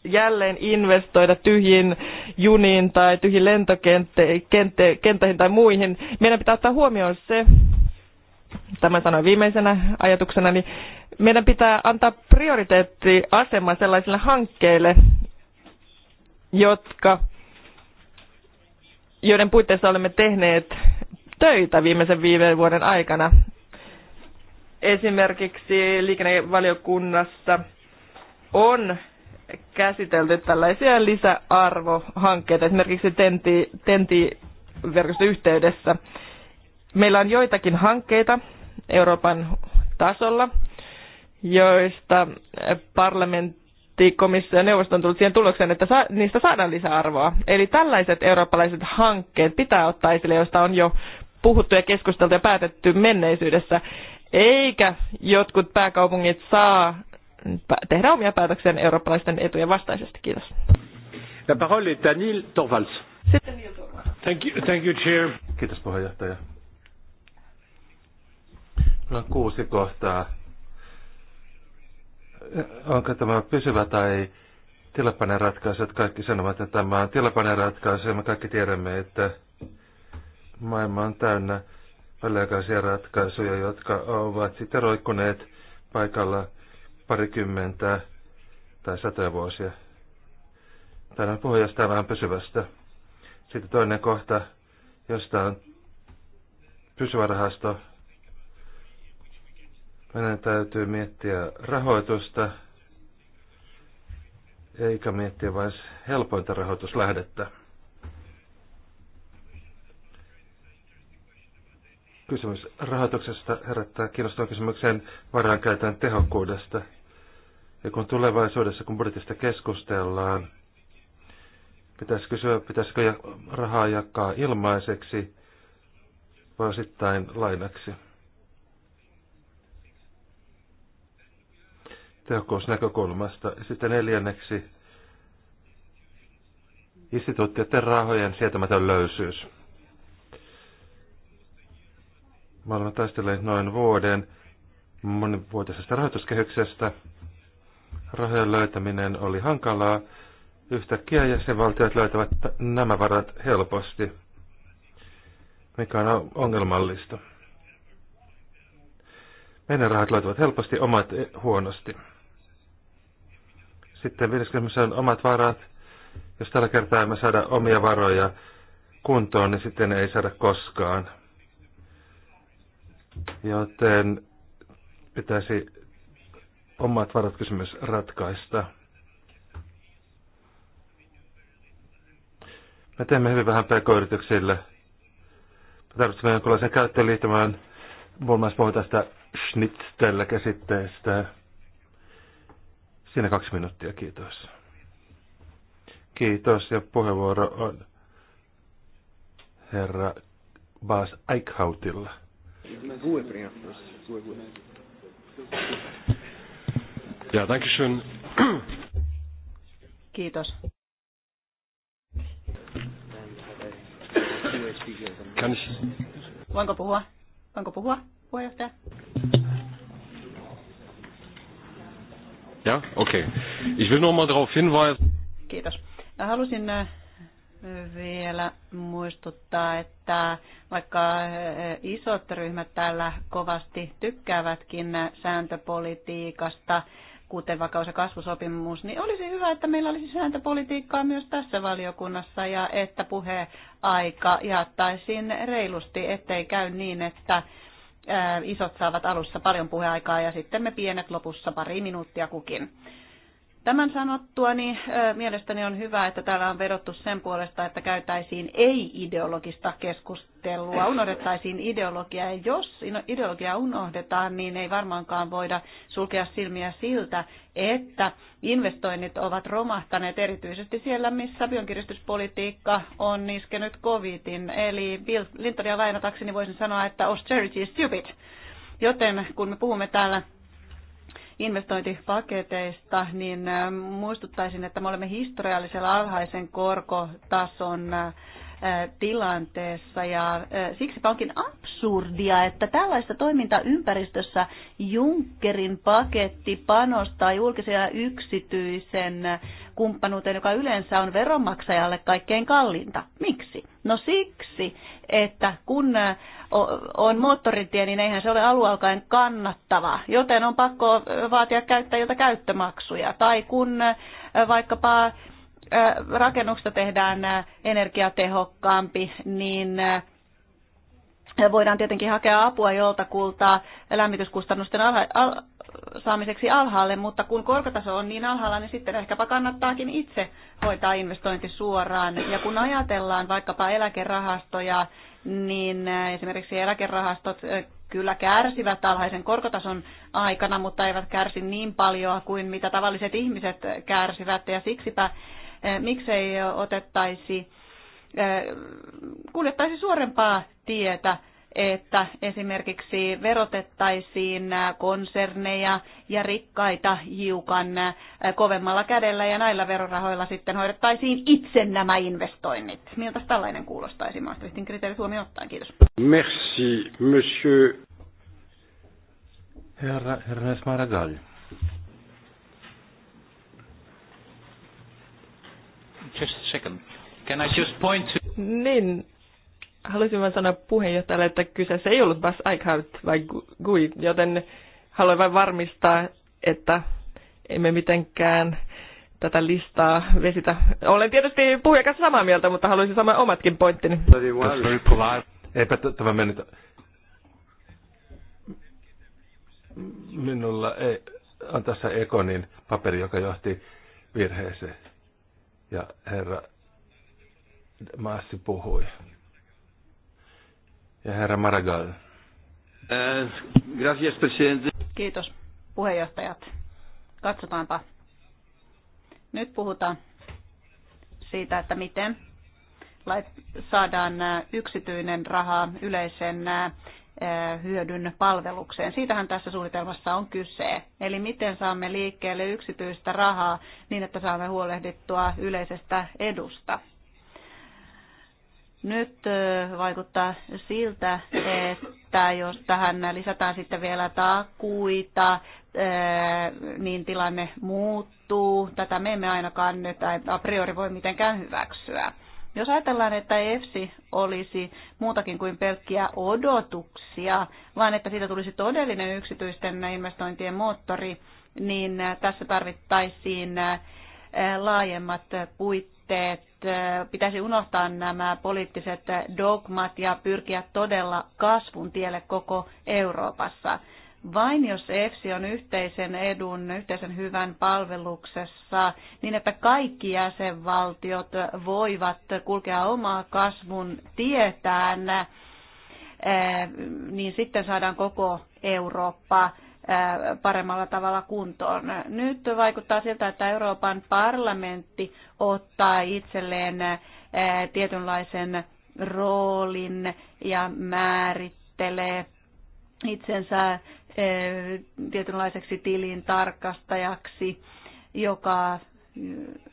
jälleen investoida tyhjiin juniin tai tyhjiin lentokenttäihin tai muihin. Meidän pitää ottaa huomioon se, tämä sanoin viimeisenä ajatuksena, niin meidän pitää antaa prioriteettiasema sellaisille hankkeille, jotka, joiden puitteissa olemme tehneet töitä viimeisen viiden vuoden aikana. Esimerkiksi liikennevaliokunnassa on käsitelty tällaisia lisäarvohankkeita, esimerkiksi tenti, TENTI-verkoston yhteydessä. Meillä on joitakin hankkeita Euroopan tasolla, joista parlamentti, komissio ja neuvosto on tullut siihen tulokseen, että saa, niistä saadaan lisäarvoa. Eli tällaiset eurooppalaiset hankkeet pitää ottaa esille, joista on jo puhuttu ja keskusteltu ja päätetty menneisyydessä, eikä jotkut pääkaupungit saa tehdä omia päätöksiä eurooppalaisten etujen vastaisesti. Kiitos. La parole est à Neil Torvalds. Sitten Thank you,
thank you, Chair. Kiitos puheenjohtaja. Meillä on kuusi kohtaa. Onko tämä pysyvä tai tilapäinen ratkaisu? Että kaikki sanovat, että tämä on tilapäinen ratkaisu ja me kaikki tiedämme, että maailma on täynnä väliaikaisia ratkaisuja, jotka ovat sitten roikkuneet paikalla – parikymmentä tai satoja vuosia. Täällä on pohjasta vähän pysyvästä. Sitten toinen kohta, josta on pysyvä rahasto. Meidän täytyy miettiä rahoitusta, eikä miettiä vain helpointa rahoituslähdettä. Kysymys rahoituksesta herättää kiinnostavan kysymyksen varankäytön tehokkuudesta – ja kun tulevaisuudessa, kun budjetista keskustellaan, pitäisi kysyä, pitäisikö rahaa jakaa ilmaiseksi vai osittain lainaksi. Tehokkuusnäkökulmasta. Sitten neljänneksi instituutioiden rahojen sietämätön löysyys. Me olemme taistelleet noin vuoden monivuotisesta rahoituskehyksestä – Rahojen löytäminen oli hankalaa. Yhtäkkiä jäsenvaltiot löytävät nämä varat helposti, mikä on ongelmallista. Meidän rahat löytävät helposti, omat huonosti. Sitten viides on omat varat. Jos tällä kertaa emme saada omia varoja kuntoon, niin sitten ei saada koskaan. Joten pitäisi omat varat kysymys ratkaista. Me teemme hyvin vähän pk-yrityksille. Me tarvitsemme jonkinlaisen käyttöliittymään. Voimme puhua tästä Schnitztellä-käsitteestä. Siinä kaksi minuuttia, kiitos. Kiitos ja puheenvuoro on herra Bas Eichhautilla. Ja, danke schön. Kiitos. Kann ich...
Voinko puhua? Voinko puhua, puheenjohtaja?
Ja, okei. okay. Ich will noch mal darauf hinweisen.
Kiitos. Ja Halusin äh, vielä muistuttaa, että vaikka äh, isot ryhmät täällä kovasti tykkäävätkin sääntöpolitiikasta, kuten vakaus- ja kasvusopimus, niin olisi hyvä, että meillä olisi sääntöpolitiikkaa myös tässä valiokunnassa ja että puheaika jaettaisiin reilusti, ettei käy niin, että isot saavat alussa paljon puheaikaa ja sitten me pienet lopussa pari minuuttia kukin. Tämän sanottua niin mielestäni on hyvä, että täällä on vedottu sen puolesta, että käytäisiin ei-ideologista keskustelua, unohdettaisiin ideologia. Ja jos ideologia unohdetaan, niin ei varmaankaan voida sulkea silmiä siltä, että investoinnit ovat romahtaneet erityisesti siellä, missä biokiristyspolitiikka on iskenyt covidin. Eli Bill Clintonia lainatakseni voisin sanoa, että austerity is stupid. Joten kun me puhumme täällä investointipaketeista, niin äh, muistuttaisin, että me olemme historiallisella alhaisen korkotason äh, tilanteessa ja siksi onkin absurdia, että tällaista toimintaympäristössä Junckerin paketti panostaa julkisen ja yksityisen kumppanuuteen, joka yleensä on veronmaksajalle kaikkein kallinta. Miksi? No siksi, että kun on moottoritie, niin eihän se ole alualkaen kannattava, joten on pakko vaatia käyttäjiltä käyttömaksuja. Tai kun vaikkapa rakennuksesta tehdään energiatehokkaampi, niin voidaan tietenkin hakea apua joltakulta lämmityskustannusten alha- al- saamiseksi alhaalle, mutta kun korkotaso on niin alhaalla, niin sitten ehkäpä kannattaakin itse hoitaa investointi suoraan. Ja kun ajatellaan vaikkapa eläkerahastoja, niin esimerkiksi eläkerahastot kyllä kärsivät alhaisen korkotason aikana, mutta eivät kärsi niin paljon kuin mitä tavalliset ihmiset kärsivät. Ja siksipä miksei otettaisi, kuljettaisi suorempaa tietä, että esimerkiksi verotettaisiin konserneja ja rikkaita hiukan kovemmalla kädellä ja näillä verorahoilla sitten hoidettaisiin itse nämä investoinnit. Miltä tällainen kuulostaisi Maastrichtin kriteeri huomioon ottaa Kiitos.
Merci, monsieur. Herra, herra just a second. Can I just point to...
Niin, halusin vain sanoa puheenjohtajalle, että kyseessä ei ollut Bas Eichhardt vai Gui, joten haluan vain varmistaa, että emme mitenkään tätä listaa vesitä. Olen tietysti puhujan kanssa samaa mieltä, mutta haluaisin sanoa omatkin pointtini.
Eipä tämä mennyt. Minulla ei, on tässä Ekonin paperi, joka johti virheeseen ja herra Maassi puhui. Ja herra Maragall. Eh, gracias, presidente.
Kiitos, puheenjohtajat. Katsotaanpa. Nyt puhutaan siitä, että miten saadaan eh, yksityinen raha yleisen eh, Eh, hyödyn palvelukseen. Siitähän tässä suunnitelmassa on kyse. Eli miten saamme liikkeelle yksityistä rahaa niin, että saamme huolehdittua yleisestä edusta. Nyt eh, vaikuttaa siltä, että jos tähän lisätään sitten vielä takuita, eh, niin tilanne muuttuu. Tätä me emme ainakaan nyt a priori voi mitenkään hyväksyä. Jos ajatellaan, että EFSI olisi muutakin kuin pelkkiä odotuksia, vaan että siitä tulisi todellinen yksityisten investointien moottori, niin tässä tarvittaisiin äh, laajemmat puitteet. Pitäisi unohtaa nämä poliittiset dogmat ja pyrkiä todella kasvun tielle koko Euroopassa. Vain jos EFSI on yhteisen edun, yhteisen hyvän palveluksessa, niin että kaikki jäsenvaltiot voivat kulkea omaa kasvun tietään, eh, niin sitten saadaan koko Eurooppa eh, paremmalla tavalla kuntoon. Nyt vaikuttaa siltä, että Euroopan parlamentti ottaa itselleen eh, tietynlaisen roolin ja määrittelee itsensä eh, tietynlaiseksi tilin tarkastajaksi, joka eh,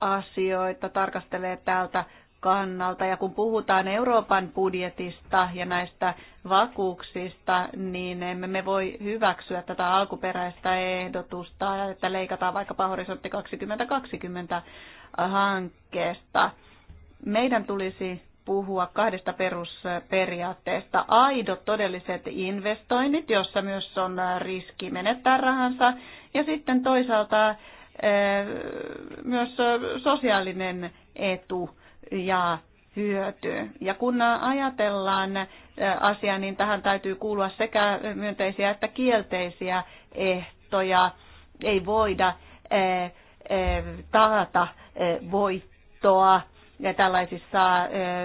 asioita tarkastelee tältä kannalta. Ja kun puhutaan Euroopan budjetista ja näistä vakuuksista, niin emme me voi hyväksyä tätä alkuperäistä ehdotusta, että leikataan vaikkapa horisontti 2020 hankkeesta. Meidän tulisi puhua kahdesta perusperiaatteesta. Aidot todelliset investoinnit, jossa myös on riski menettää rahansa, ja sitten toisaalta eh, myös sosiaalinen etu ja hyöty. Ja kun ajatellaan eh, asiaa, niin tähän täytyy kuulua sekä myönteisiä että kielteisiä ehtoja. Ei voida eh, taata voittoa ja tällaisissa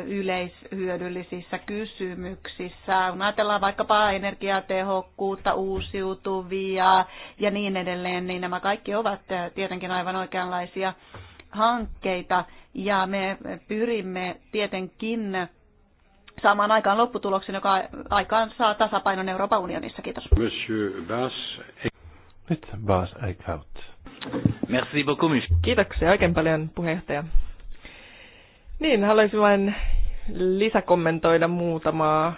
yleishyödyllisissä kysymyksissä. Kun ajatellaan vaikkapa energiatehokkuutta, uusiutuvia ja niin edelleen, niin nämä kaikki ovat tietenkin aivan oikeanlaisia hankkeita ja me pyrimme tietenkin saamaan aikaan lopputuloksen, joka aikaan saa tasapainon Euroopan unionissa. Kiitos.
E- Nyt Bas Eichhout. Merci beaucoup.
Kiitoksia oikein paljon puheenjohtaja. Niin, haluaisin vain lisäkommentoida muutamaa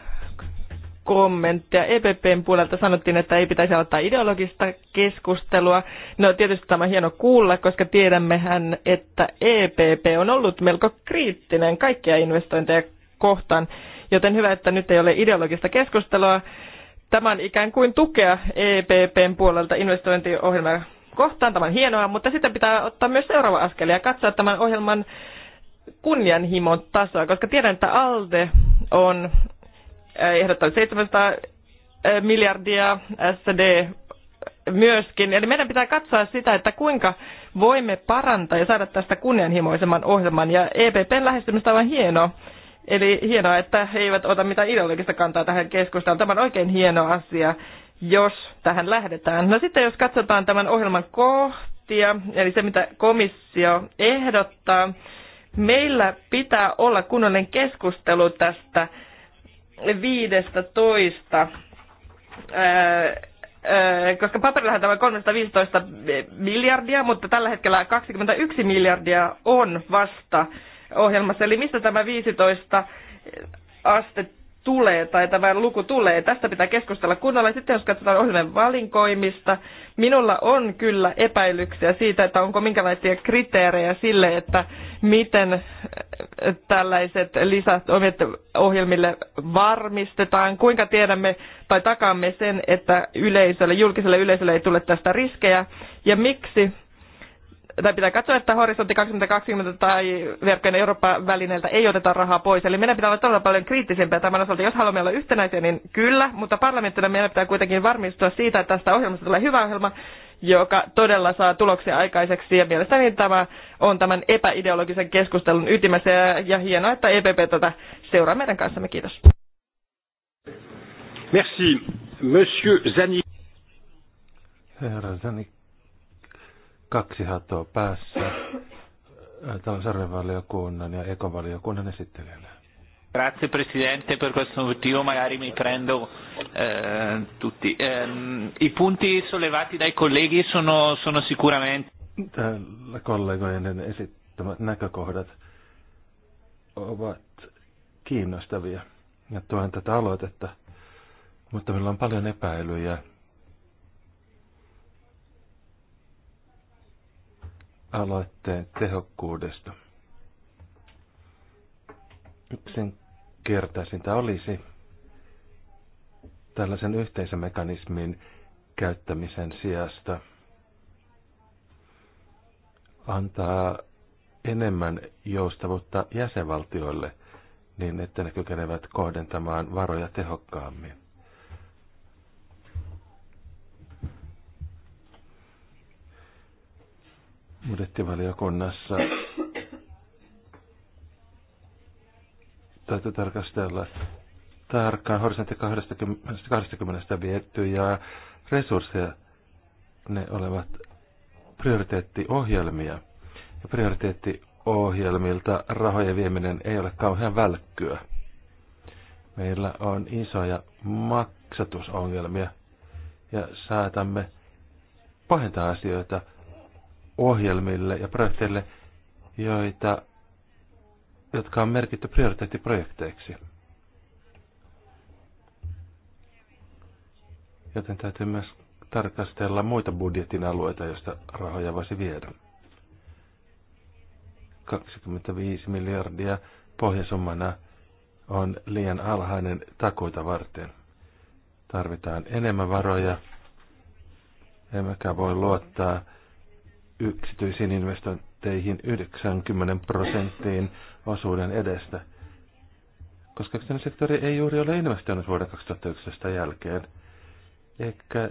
kommenttia. EPPn puolelta sanottiin, että ei pitäisi aloittaa ideologista keskustelua. No tietysti tämä on hieno kuulla, koska tiedämmehän, että EPP on ollut melko kriittinen kaikkia investointeja kohtaan, joten hyvä, että nyt ei ole ideologista keskustelua. Tämän ikään kuin tukea EPPn puolelta investointiohjelmaa kohtaan, tämä on hienoa, mutta sitten pitää ottaa myös seuraava askel ja katsoa tämän ohjelman kunnianhimon tasoa, koska tiedän, että ALDE on äh, ehdottanut 700 äh, miljardia, SD myöskin. Eli meidän pitää katsoa sitä, että kuinka voimme parantaa ja saada tästä kunnianhimoisemman ohjelman. Ja EPPn lähestymistä on hieno. Eli hienoa, että he eivät ota mitään ideologista kantaa tähän keskusteluun. Tämä on oikein hieno asia, jos tähän lähdetään. No sitten jos katsotaan tämän ohjelman kohtia, eli se mitä komissio ehdottaa, Meillä pitää olla kunnollinen keskustelu tästä 15, koska paperilla tämä 315 miljardia, mutta tällä hetkellä 21 miljardia on vasta ohjelmassa. Eli mistä tämä 15 astetta? tulee tai tämä luku tulee. Tästä pitää keskustella kunnolla. Sitten jos katsotaan ohjelmien valinkoimista, minulla on kyllä epäilyksiä siitä, että onko minkälaisia kriteerejä sille, että miten äh, tällaiset lisät ohjelmille varmistetaan, kuinka tiedämme tai takaamme sen, että yleisölle, julkiselle yleisölle ei tule tästä riskejä ja miksi tai pitää katsoa, että horisontti 2020 tai verkkojen Euroopan välineiltä ei oteta rahaa pois. Eli meidän pitää olla todella paljon kriittisempiä tämän osalta. Jos haluamme olla yhtenäisiä, niin kyllä, mutta parlamenttina meidän pitää kuitenkin varmistua siitä, että tästä ohjelmasta tulee hyvä ohjelma, joka todella saa tuloksia aikaiseksi. Ja mielestäni tämä on tämän epäideologisen keskustelun ytimessä ja, ja hienoa, että EPP tätä seuraa meidän kanssamme. Kiitos.
Merci. Monsieur Zani. Herra Zanik kaksi hatoa päässä äh, talousarviovaliokunnan ja ekovaliokunnan esittelijälle.
Grazie Presidente, per questo motivo magari mi prendo eh, tutti. Eh, I punti sollevati dai colleghi sono, sono sicuramente...
Tällä kollegojen esittämät näkökohdat ovat kiinnostavia ja tuen tätä aloitetta, mutta meillä on paljon epäilyjä aloitteen tehokkuudesta. Yksinkertaisinta olisi tällaisen yhteisömekanismin käyttämisen sijasta antaa enemmän joustavuutta jäsenvaltioille niin, että ne kykenevät kohdentamaan varoja tehokkaammin budjettivaliokunnassa täytyy tarkastella tarkkaan horisontti 20, 20 viettyjä resursseja. Ne olevat prioriteettiohjelmia. Ja prioriteettiohjelmilta rahojen vieminen ei ole kauhean välkkyä. Meillä on isoja maksatusongelmia ja saatamme pahentaa asioita ohjelmille ja projekteille, joita, jotka on merkitty prioriteettiprojekteiksi. Joten täytyy myös tarkastella muita budjetin alueita, joista rahoja voisi viedä. 25 miljardia pohjasummana on liian alhainen takuita varten. Tarvitaan enemmän varoja, emmekä voi luottaa yksityisiin investointeihin 90 prosenttiin osuuden edestä, koska yksityinen sektori ei juuri ole investoinut vuoden 2011 jälkeen, eikä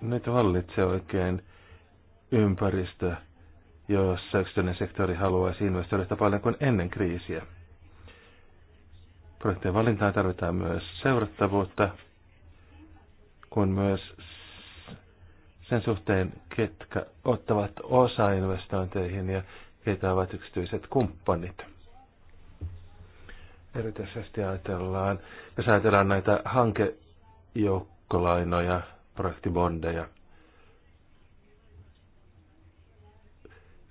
nyt hallitse oikein ympäristö, jossa yksityinen sektori haluaisi investoida paljon kuin ennen kriisiä. Projektien valintaan tarvitaan myös seurattavuutta, kun myös sen suhteen, ketkä ottavat osa investointeihin ja ketä ovat yksityiset kumppanit. Erityisesti ajatellaan, jos ajatellaan näitä hankejoukkolainoja, projektibondeja,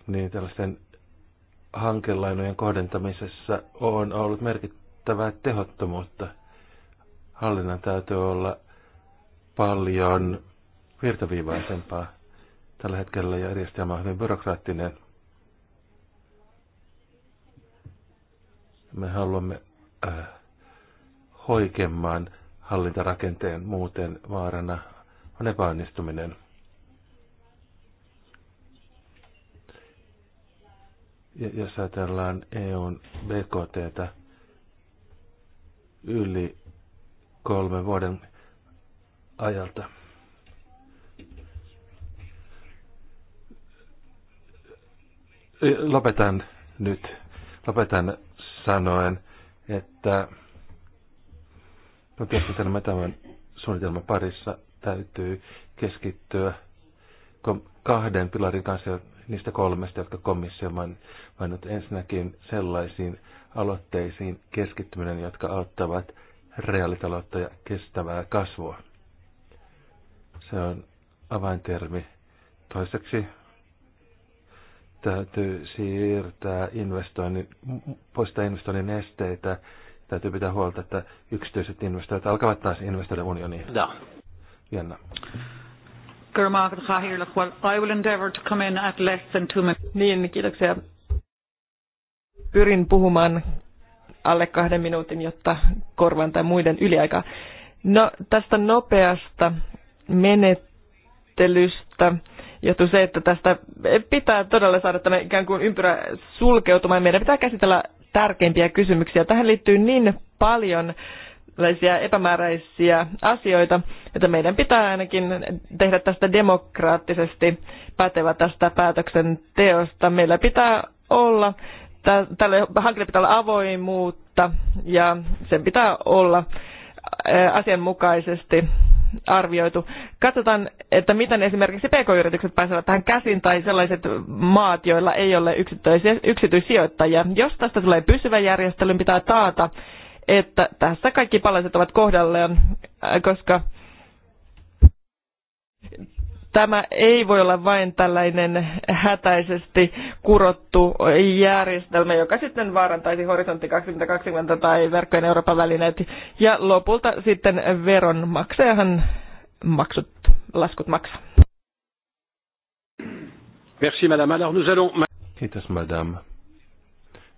niin tällaisten hankelainojen kohdentamisessa on ollut merkittävää tehottomuutta. Hallinnan täytyy olla paljon virtaviivaisempaa. Tällä hetkellä järjestelmä on hyvin byrokraattinen. Me haluamme äh, hoikemman hallintarakenteen muuten vaarana on epäonnistuminen. Ja jos ajatellaan EUn BKTtä yli kolmen vuoden ajalta. lopetan nyt. Lopetan sanoen, että no tietysti tämän suunnitelman parissa täytyy keskittyä kahden pilarin kanssa niistä kolmesta, jotka komissio on mainitsi ensinnäkin sellaisiin aloitteisiin keskittyminen, jotka auttavat reaalitaloutta ja kestävää kasvua. Se on avaintermi. Toiseksi täytyy siirtää investoinnin, poistaa investoinnin esteitä. Täytyy pitää huolta, että yksityiset investoijat alkavat taas investoida unioniin. ja Jännä.
I will endeavor to come in at less than two minutes. Niin, kiitoksia. Pyrin puhumaan alle kahden minuutin, jotta korvan tai muiden yliaikaa. No, tästä nopeasta menet käsittelystä. johtuu se, että tästä pitää todella saada tämä ikään kuin ympyrä sulkeutumaan. Meidän pitää käsitellä tärkeimpiä kysymyksiä. Tähän liittyy niin paljon epämääräisiä asioita, että meidän pitää ainakin tehdä tästä demokraattisesti pätevä tästä päätöksenteosta. Meillä pitää olla, tälle hankkeelle pitää olla avoimuutta ja sen pitää olla asianmukaisesti arvioitu. Katsotaan, että miten esimerkiksi pk-yritykset pääsevät tähän käsin tai sellaiset maat, joilla ei ole yksityissijoittajia. Jos tästä tulee pysyvä järjestely, pitää taata, että tässä kaikki palaset ovat kohdalleen, koska Tämä ei voi olla vain tällainen hätäisesti kurottu järjestelmä, joka sitten vaarantaisi horisontti 2020 tai verkkojen Euroopan välineet. Ja lopulta sitten veronmaksajahan maksut, laskut maksaa.
Merci madame. Alors nous allons...
Kiitos madame.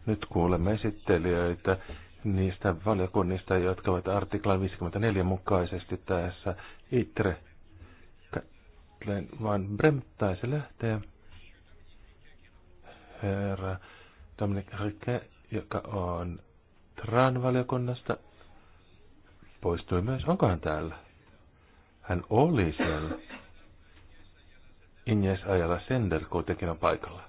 Nyt kuulemme esittelijöitä niistä valiokunnista, jotka ovat artiklan 54 mukaisesti tässä ITRE Glenn vain Bremt se lähtee. Herra Dominic Rikke, joka on Tran-valiokunnasta, poistui myös. Onko hän täällä? Hän oli siellä. Ines Ajala Sender kuitenkin on paikalla.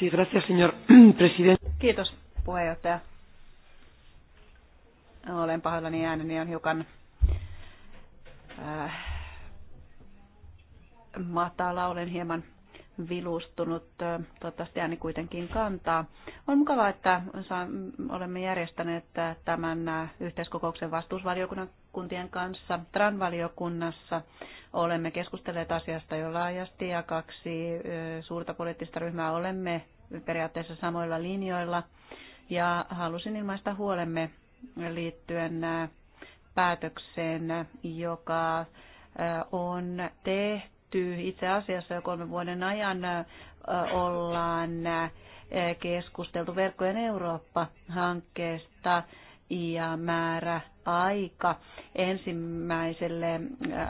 Sí, gracias, señor presidente.
Kiitos, puheenjohtaja. Olen pahoillani ääneni on hiukan Äh, matala, olen hieman vilustunut, äh, toivottavasti ääni kuitenkin kantaa. On mukavaa, että olemme järjestäneet äh, tämän yhteiskokouksen vastuusvaliokunnan kuntien kanssa. TRAN-valiokunnassa olemme keskustelleet asiasta jo laajasti ja kaksi suurta poliittista ryhmää olemme periaatteessa samoilla linjoilla. Ja halusin ilmaista huolemme liittyen päätökseen, joka on tehty itse asiassa jo kolmen vuoden ajan ollaan keskusteltu verkkojen Eurooppa-hankkeesta ja määrä aika ensimmäiselle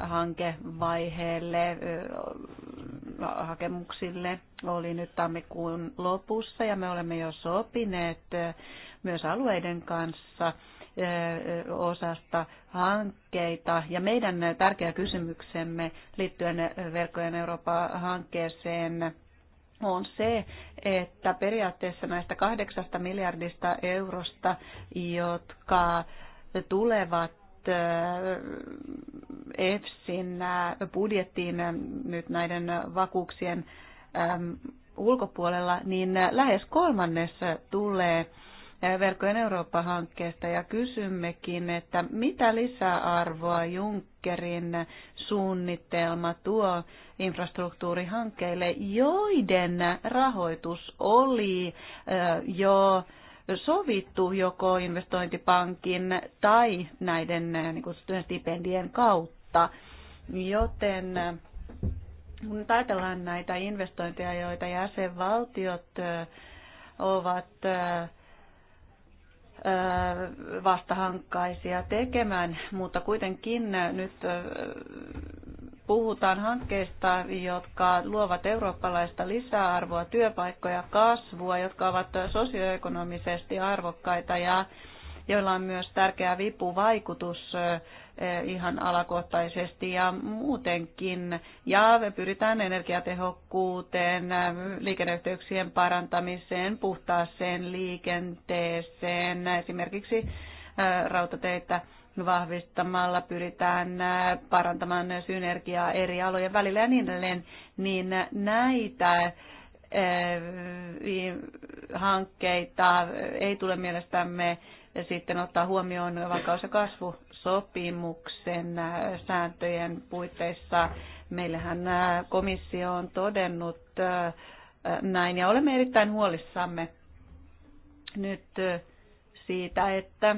hankevaiheelle hakemuksille oli nyt tammikuun lopussa ja me olemme jo sopineet myös alueiden kanssa osasta hankkeita. Ja meidän tärkeä kysymyksemme liittyen verkkojen Eurooppa-hankkeeseen on se, että periaatteessa näistä kahdeksasta miljardista eurosta, jotka tulevat äh, EFSin äh, budjettiin nyt näiden vakuuksien ähm, ulkopuolella, niin lähes kolmannes tulee Eh, verkkojen Eurooppa-hankkeesta ja kysymmekin, että mitä lisäarvoa Junckerin suunnitelma tuo infrastruktuurihankkeille, joiden rahoitus oli eh, jo sovittu joko investointipankin tai näiden eh, niin stipendien kautta. Joten kun ajatellaan näitä investointeja, joita jäsenvaltiot ovat vastahankkaisia tekemään, mutta kuitenkin nyt puhutaan hankkeista, jotka luovat eurooppalaista lisäarvoa, työpaikkoja, kasvua, jotka ovat sosioekonomisesti arvokkaita ja joilla on myös tärkeä vipuvaikutus ihan alakohtaisesti ja muutenkin. Ja me pyritään energiatehokkuuteen, liikenneyhteyksien parantamiseen, puhtaaseen liikenteeseen, esimerkiksi rautateitä vahvistamalla pyritään parantamaan synergiaa eri alojen välillä ja niin edelleen, niin näitä hankkeita ei tule mielestämme ja sitten ottaa huomioon vakaus- ja kasvusopimuksen äh, sääntöjen puitteissa. Meillähän äh, komissio on todennut äh, näin ja olemme erittäin huolissamme nyt siitä, että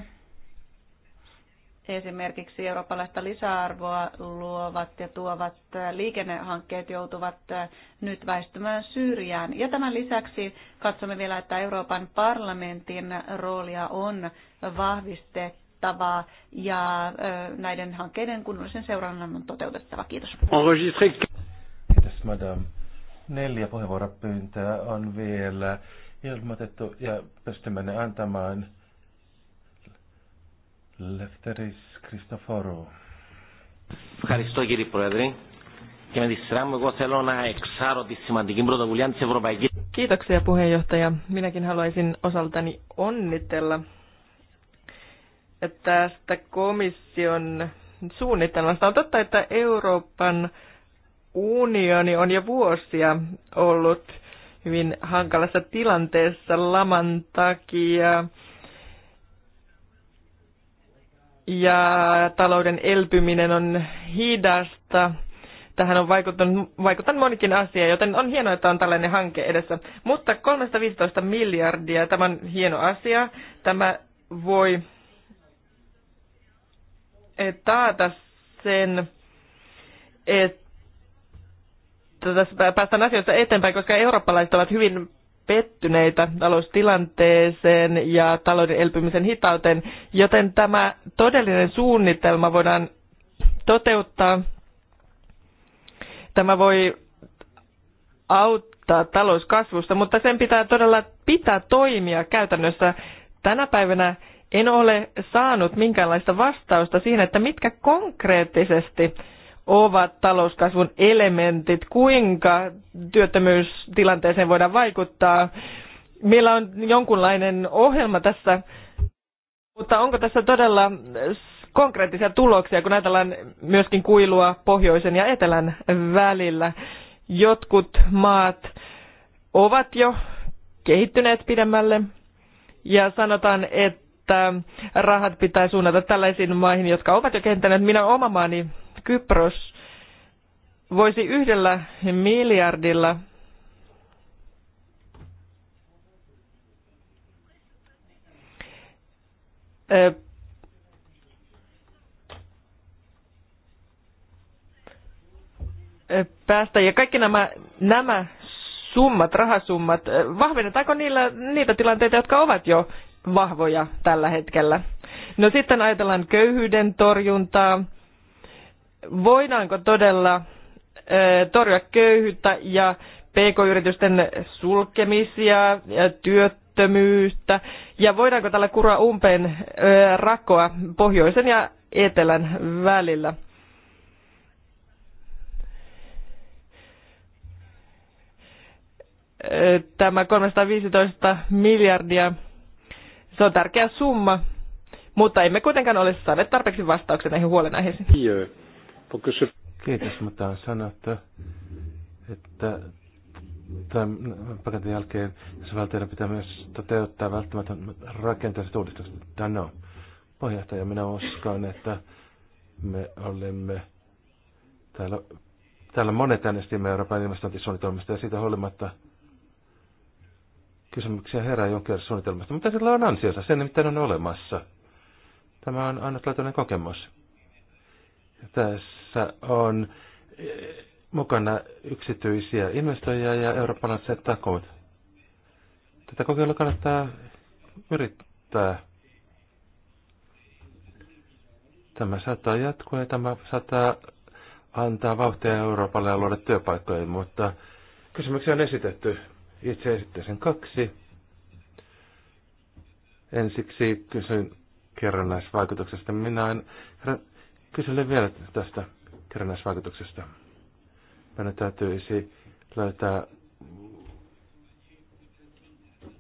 esimerkiksi eurooppalaista lisäarvoa luovat ja tuovat liikennehankkeet joutuvat äh, nyt väistymään syrjään. Ja tämän lisäksi katsomme vielä, että Euroopan parlamentin roolia on vahvistettava ja äh, näiden hankkeiden kunnollisen seurannan on toteutettava. Kiitos.
Kiitos, madame. Neljä puheenvuoropyyntöä on vielä ilmoitettu ja pystymme ne antamaan Λευτέρης Χριστοφόρου.
Ευχαριστώ κύριε Πρόεδρε. Και με τη σειρά μου εγώ θέλω να εξάρω τη σημαντική πρωτοβουλία της Ευρωπαϊκής. Kiitoksia puheenjohtaja. Minäkin haluaisin osaltani onnitella tästä komission suunnitelmasta. On totta, että Euroopan unioni on jo vuosia ollut hyvin hankalassa tilanteessa laman takia ja talouden elpyminen on hidasta. Tähän on vaikuttanut, vaikuttanut monikin asia, joten on hienoa, että on tällainen hanke edessä. Mutta 315 miljardia, tämä on hieno asia. Tämä voi eh, taata sen, että tässä päästään asioissa eteenpäin, koska eurooppalaiset ovat hyvin pettyneitä taloustilanteeseen ja talouden elpymisen hitauteen, joten tämä todellinen suunnitelma voidaan toteuttaa. Tämä voi auttaa talouskasvusta, mutta sen pitää todella pitää toimia käytännössä. Tänä päivänä en ole saanut minkäänlaista vastausta siihen, että mitkä konkreettisesti ovat talouskasvun elementit, kuinka työttömyystilanteeseen voidaan vaikuttaa. Meillä on jonkunlainen ohjelma tässä, mutta onko tässä todella konkreettisia tuloksia, kun ajatellaan myöskin kuilua pohjoisen ja etelän välillä? Jotkut maat ovat jo kehittyneet pidemmälle ja sanotaan, että rahat pitää suunnata tällaisiin maihin, jotka ovat jo kehittäneet. Minä oma maani Kypros voisi yhdellä miljardilla päästä. Ja kaikki nämä, nämä summat, rahasummat, vahvennetaanko niillä niitä tilanteita, jotka ovat jo vahvoja tällä hetkellä? No sitten ajatellaan köyhyyden torjuntaa, voidaanko todella torjua köyhyyttä ja pk-yritysten sulkemisia, työttömyyttä ja voidaanko tällä kuraa umpeen rakoa pohjoisen ja etelän välillä. Tämä 315 miljardia, se on tärkeä summa, mutta emme kuitenkaan ole saaneet tarpeeksi vastauksia näihin huolenaiheisiin.
Kiitos, mutta on sanottu, että tämän paketin jälkeen jäsenvaltioiden pitää myös toteuttaa välttämätön rakenteelliset uudistukset. Tämä on puheenjohtaja. Minä uskon, että me olemme täällä, täällä monet äänestimme Euroopan investointisuunnitelmasta ja siitä huolimatta kysymyksiä herää jonkin suunnitelmasta. Mutta sillä on ansiota, sen nimittäin on olemassa. Tämä on ainutlaatuinen kokemus. Ja tässä tässä on eh, mukana yksityisiä investoijia ja eurooppalaiset takuut. Tätä kokeilua kannattaa yrittää. Tämä saattaa jatkua ja tämä saattaa antaa vauhtia Euroopalle ja luoda työpaikkoja, mutta kysymyksiä on esitetty. Itse esittäisin kaksi. Ensiksi kysyn vaikutuksista, Minä en kysyn vielä tästä kerrannaisvaikutuksesta. Meidän täytyisi löytää,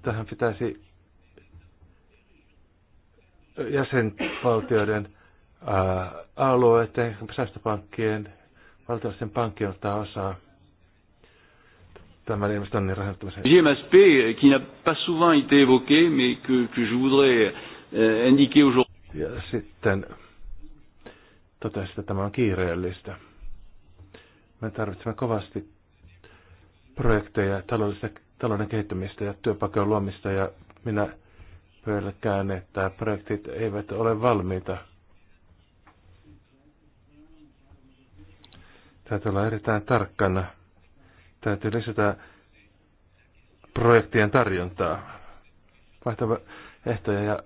tähän pitäisi jäsenvaltioiden ää, alueiden, säästöpankkien, valtiollisten pankkien ottaa osaa tämän investoinnin rahoittamiseen.
Deuxième aspect qui n'a pas souvent été évoqué, mais que, que je voudrais euh, indiquer aujourd'hui.
Ja sitten totesi, että tämä on kiireellistä. Me tarvitsemme kovasti projekteja, taloudellista, talouden kehittämistä ja työpaikan luomista ja minä pelkään, että projektit eivät ole valmiita. Täytyy olla erittäin tarkkana. Täytyy lisätä projektien tarjontaa. Vaihtava ehtoja ja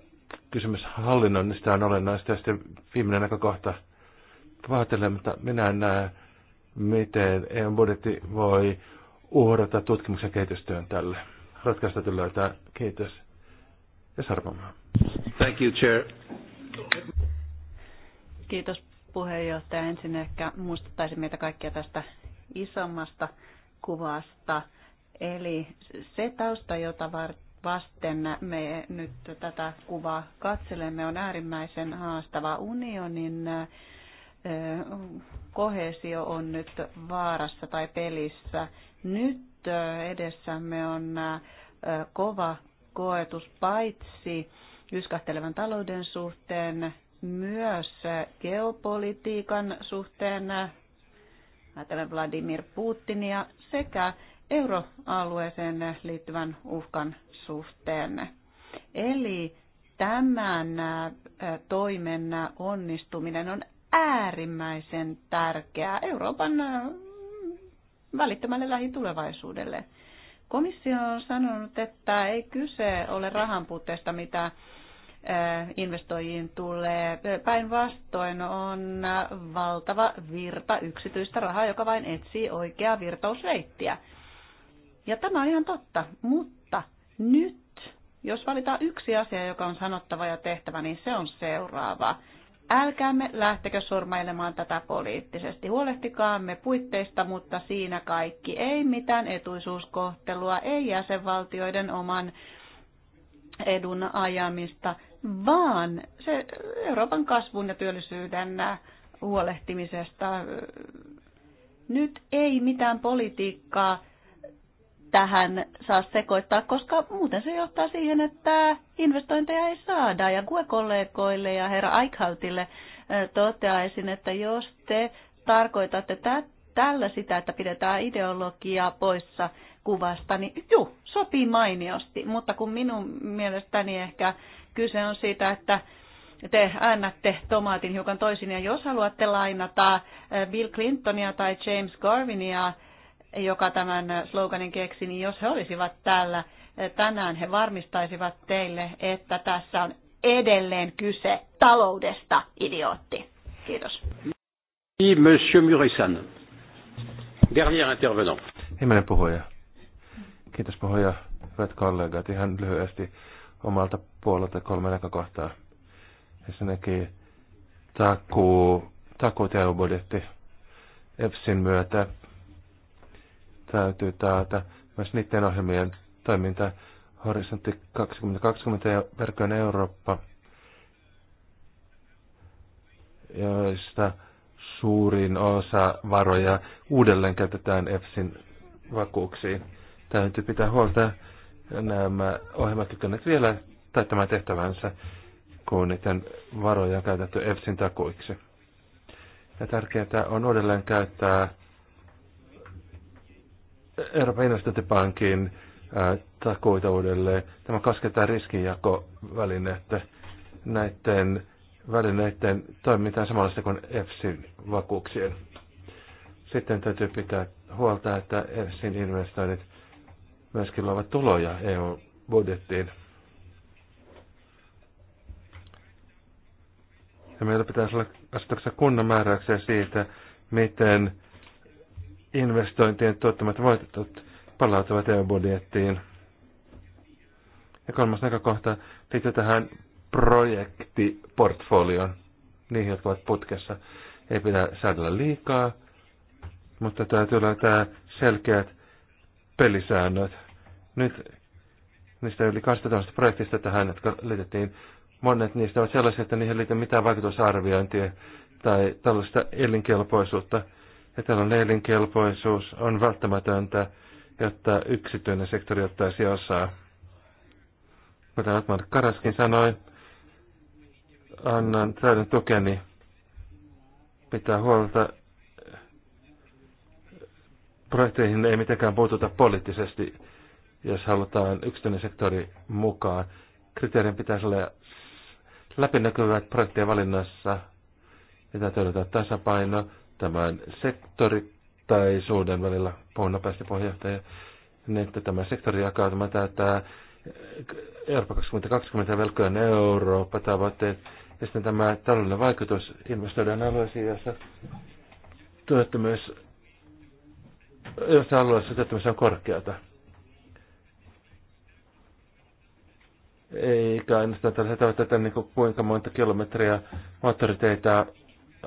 kysymys hallinnoinnista on olennaista. Ja sitten viimeinen näkökohta – vaatelee, mutta minä en näe, miten EU budjetti voi uhrata tutkimuksen kehitystyön tälle. Ratkaista tällä löytää. Kiitos. Ja Sarvamaa. Thank you, Chair.
Kiitos puheenjohtaja. Ensin ehkä muistuttaisin meitä kaikkia tästä isommasta kuvasta. Eli se tausta, jota vasten me nyt tätä kuvaa katselemme, on äärimmäisen haastava unionin kohesio on nyt vaarassa tai pelissä. Nyt edessämme on kova koetus paitsi yskähtelevän talouden suhteen, myös geopolitiikan suhteen, ajatellen Vladimir Putinia, sekä euroalueeseen liittyvän uhkan suhteen. Eli tämän toimen onnistuminen on äärimmäisen tärkeää Euroopan välittömälle lähitulevaisuudelle. Komissio on sanonut, että ei kyse ole rahanpuutteesta, mitä investoijiin tulee. Päinvastoin on valtava virta yksityistä rahaa, joka vain etsii oikeaa virtausreittiä. Ja tämä on ihan totta, mutta nyt, jos valitaan yksi asia, joka on sanottava ja tehtävä, niin se on seuraava. Älkäämme lähtekö sormailemaan tätä poliittisesti. Huolehtikaamme puitteista, mutta siinä kaikki. Ei mitään etuisuuskohtelua, ei jäsenvaltioiden oman edun ajamista, vaan se Euroopan kasvun ja työllisyyden huolehtimisesta. Nyt ei mitään politiikkaa tähän saa sekoittaa, koska muuten se johtaa siihen, että investointeja ei saada. Ja GUE-kollegoille ja herra Eichhautille toteaisin, että jos te tarkoitatte tä- tällä sitä, että pidetään ideologia poissa kuvasta, niin juu, sopii mainiosti. Mutta kun minun mielestäni ehkä kyse on siitä, että te äännätte tomaatin hiukan toisin, ja jos haluatte lainata Bill Clintonia tai James Garvinia, joka tämän sloganin keksi, niin jos he olisivat täällä tänään, he varmistaisivat teille, että tässä on edelleen kyse taloudesta, idiootti. Kiitos.
Monsieur Murisan.
Dernier intervenant.
Himmäinen puhuja. Kiitos puhuja. Hyvät kollegat, ihan lyhyesti omalta puolelta kolme näkökohtaa. Ensinnäkin takuu, takuu budjetti EFSin myötä täytyy taata myös niiden ohjelmien toiminta Horisontti 2020 ja Verkön Eurooppa, joista suurin osa varoja uudelleen käytetään EFSin vakuuksiin. Täytyy pitää huolta nämä ohjelmat nyt vielä täyttämään tehtävänsä, kun niiden varoja on käytetty EFSin takuiksi. Ja tärkeää on uudelleen käyttää Euroopan investointipankin takuita uudelleen. Tämä riskinjakoväline, että Näiden välineiden toimitaan samanlaista kuin EFSin vakuuksien. Sitten täytyy pitää huolta, että EFSin investoinnit myöskin luovat tuloja EU-budjettiin. Ja meillä pitäisi olla asetuksessa kunnan määräyksiä siitä, miten investointien tuottamat voitot palautuvat EU-budjettiin. Ja kolmas näkökohta liittyy tähän projektiportfolioon, niihin, jotka ovat putkessa. Ei pidä säädellä liikaa, mutta täytyy löytää selkeät pelisäännöt. Nyt niistä yli 12 projektista tähän, jotka liitettiin, monet niistä ovat sellaisia, että niihin ei liity mitään vaikutusarviointia tai tällaista elinkelpoisuutta – Etelän elinkelpoisuus on välttämätöntä, jotta yksityinen sektori ottaisi osaa. Kuten Atman Karaskin sanoi, annan täyden tukeni pitää huolta. Projekteihin ei mitenkään puututa poliittisesti, jos halutaan yksityinen sektori mukaan. Kriteerin pitäisi olla läpinäkyvät projektien valinnassa, mitä täytyy tasapaino tämän sektorittaisuuden välillä, puhun nopeasti puheenjohtaja, niin että tämä sektori jakautuma täyttää Eurooppa 2020 velkojen Eurooppa-tavoitteet, ja sitten tämä taloudellinen vaikutus investoidaan alueisiin, jossa työttömyys, jossa alueessa työttömyys on korkeata. Eikä ainoastaan tällaisia tavoitteita, niin kuin kuinka monta kilometriä moottoriteitä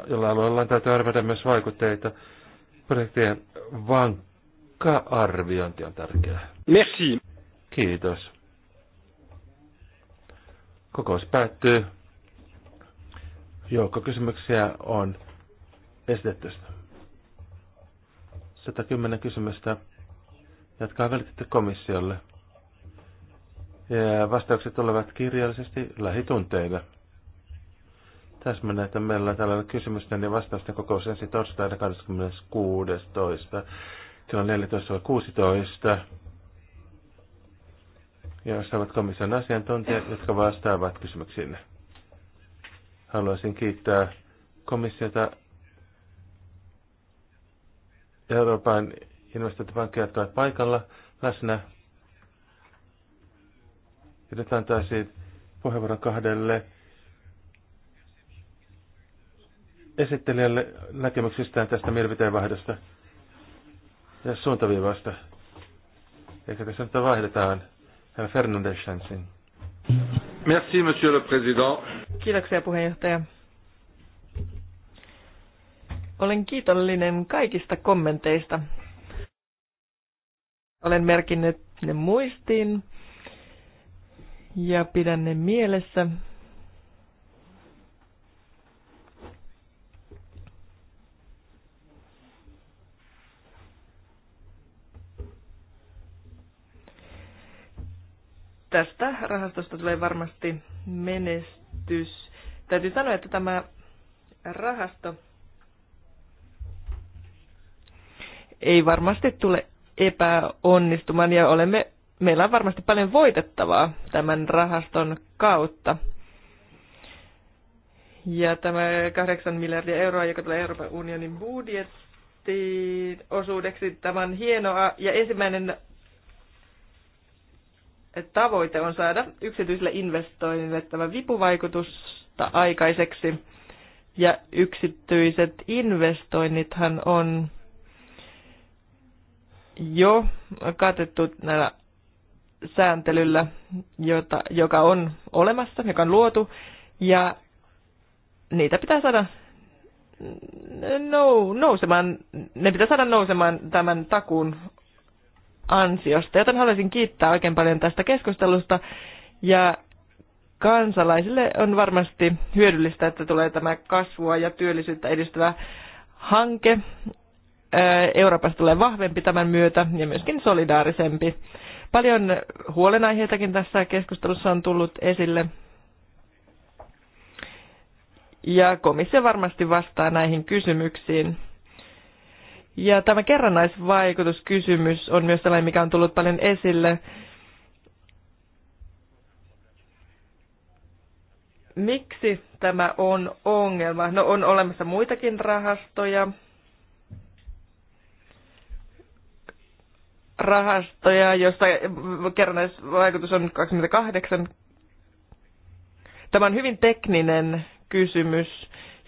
jollain lailla täytyy arvioida myös vaikutteita. Projektien vankka arviointi on tärkeää. Merci. Kiitos. Kokous päättyy. Joukko kysymyksiä on esitetty. 110 kysymystä, jatkaa välitetty komissiolle. Ja vastaukset tulevat kirjallisesti lähitunteille menee, että meillä on tällainen kysymysten ja vastausten kokous ensi torstaina 26. kello 14.16. Ja ovat komission asiantuntijat, jotka vastaavat kysymyksiin. Haluaisin kiittää komissiota Euroopan investointipankkeja, jotka ovat paikalla läsnä. Ja nyt antaisin puheenvuoron kahdelle esittelijälle näkemyksistään tästä mielipiteenvaihdosta ja suuntaviivasta. Ehkä tässä nyt vaihdetaan herra Fernandes Chansin. Merci, monsieur le président.
Kiitoksia, puheenjohtaja. Olen kiitollinen kaikista kommenteista. Olen merkinnyt ne muistiin ja pidän ne mielessä. tästä rahastosta tulee varmasti menestys. Täytyy sanoa, että tämä rahasto ei varmasti tule epäonnistumaan ja olemme, meillä on varmasti paljon voitettavaa tämän rahaston kautta. Ja tämä 8 miljardia euroa, joka tulee Euroopan unionin budjettiin osuudeksi, tämä on hienoa ja ensimmäinen tavoite on saada yksityisille investoinnille tämä vipuvaikutusta aikaiseksi. Ja yksityiset investoinnithan on jo katettu näillä sääntelyllä, jota, joka on olemassa, joka on luotu, ja niitä pitää saada nousemaan, ne pitää saada nousemaan tämän takuun ansiosta. Joten haluaisin kiittää oikein paljon tästä keskustelusta ja kansalaisille on varmasti hyödyllistä, että tulee tämä kasvua ja työllisyyttä edistävä hanke. Euroopasta tulee vahvempi tämän myötä ja myöskin solidaarisempi. Paljon huolenaiheitakin tässä keskustelussa on tullut esille. Ja komissio varmasti vastaa näihin kysymyksiin. Ja tämä kerrannaisvaikutuskysymys on myös sellainen, mikä on tullut paljon esille. Miksi tämä on ongelma? No on olemassa muitakin rahastoja. Rahastoja, joista kerrannaisvaikutus on 28. Tämä on hyvin tekninen kysymys.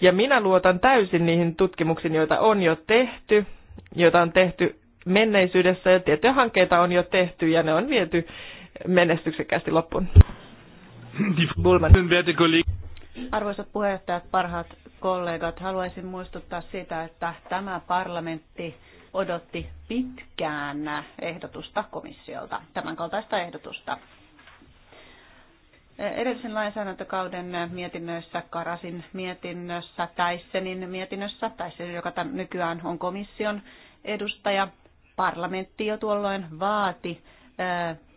Ja minä luotan täysin niihin tutkimuksiin, joita on jo tehty joita on tehty menneisyydessä ja tiettyjä hankkeita on jo tehty ja ne on viety menestyksekkäästi loppuun.
Arvoisa puheenjohtajat, parhaat kollegat, haluaisin muistuttaa sitä, että tämä parlamentti odotti pitkään ehdotusta komissiolta, tämän kaltaista ehdotusta edellisen lainsäädäntökauden mietinnöissä, Karasin mietinnössä, Täissenin mietinnössä, Täissenin, joka tämän nykyään on komission edustaja, parlamentti jo tuolloin vaati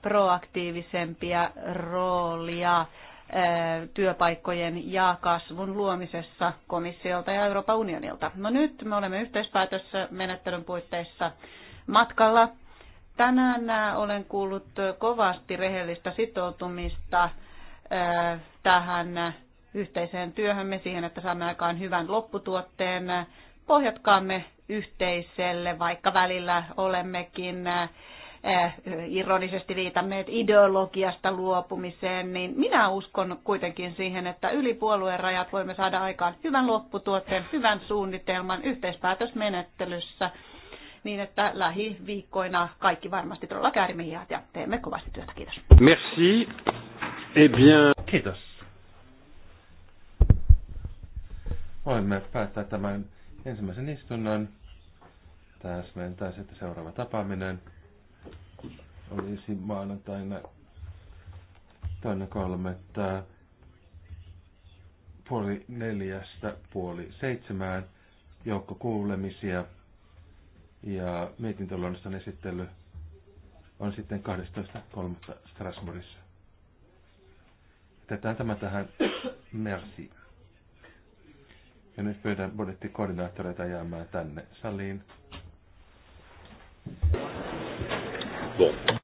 proaktiivisempia roolia työpaikkojen ja kasvun luomisessa komissiolta ja Euroopan unionilta. No nyt me olemme yhteispäätössä menettelyn puitteissa matkalla. Tänään olen kuullut kovasti rehellistä sitoutumista tähän yhteiseen työhömme siihen, että saamme aikaan hyvän lopputuotteen. Pohjatkaamme yhteiselle, vaikka välillä olemmekin ironisesti viitanneet ideologiasta luopumiseen, niin minä uskon kuitenkin siihen, että yli puolueen rajat voimme saada aikaan hyvän lopputuotteen, hyvän suunnitelman yhteispäätösmenettelyssä, niin että lähiviikkoina kaikki varmasti todella käärimme ja teemme kovasti työtä. Kiitos.
Merci. Eh bien... Kiitos. Voimme päättää tämän ensimmäisen istunnon. Täsmentäisi, että seuraava tapaaminen olisi maanantaina toinen kolmetta puoli neljästä puoli seitsemään joukko kuulemisia ja mietintöluonnoston esittely on sitten 12.3. Strasbourgissa. Jätetään tämä tähän. Merci. Ja nyt pyydän budjettikoordinaattoreita jäämään tänne saliin. Bon.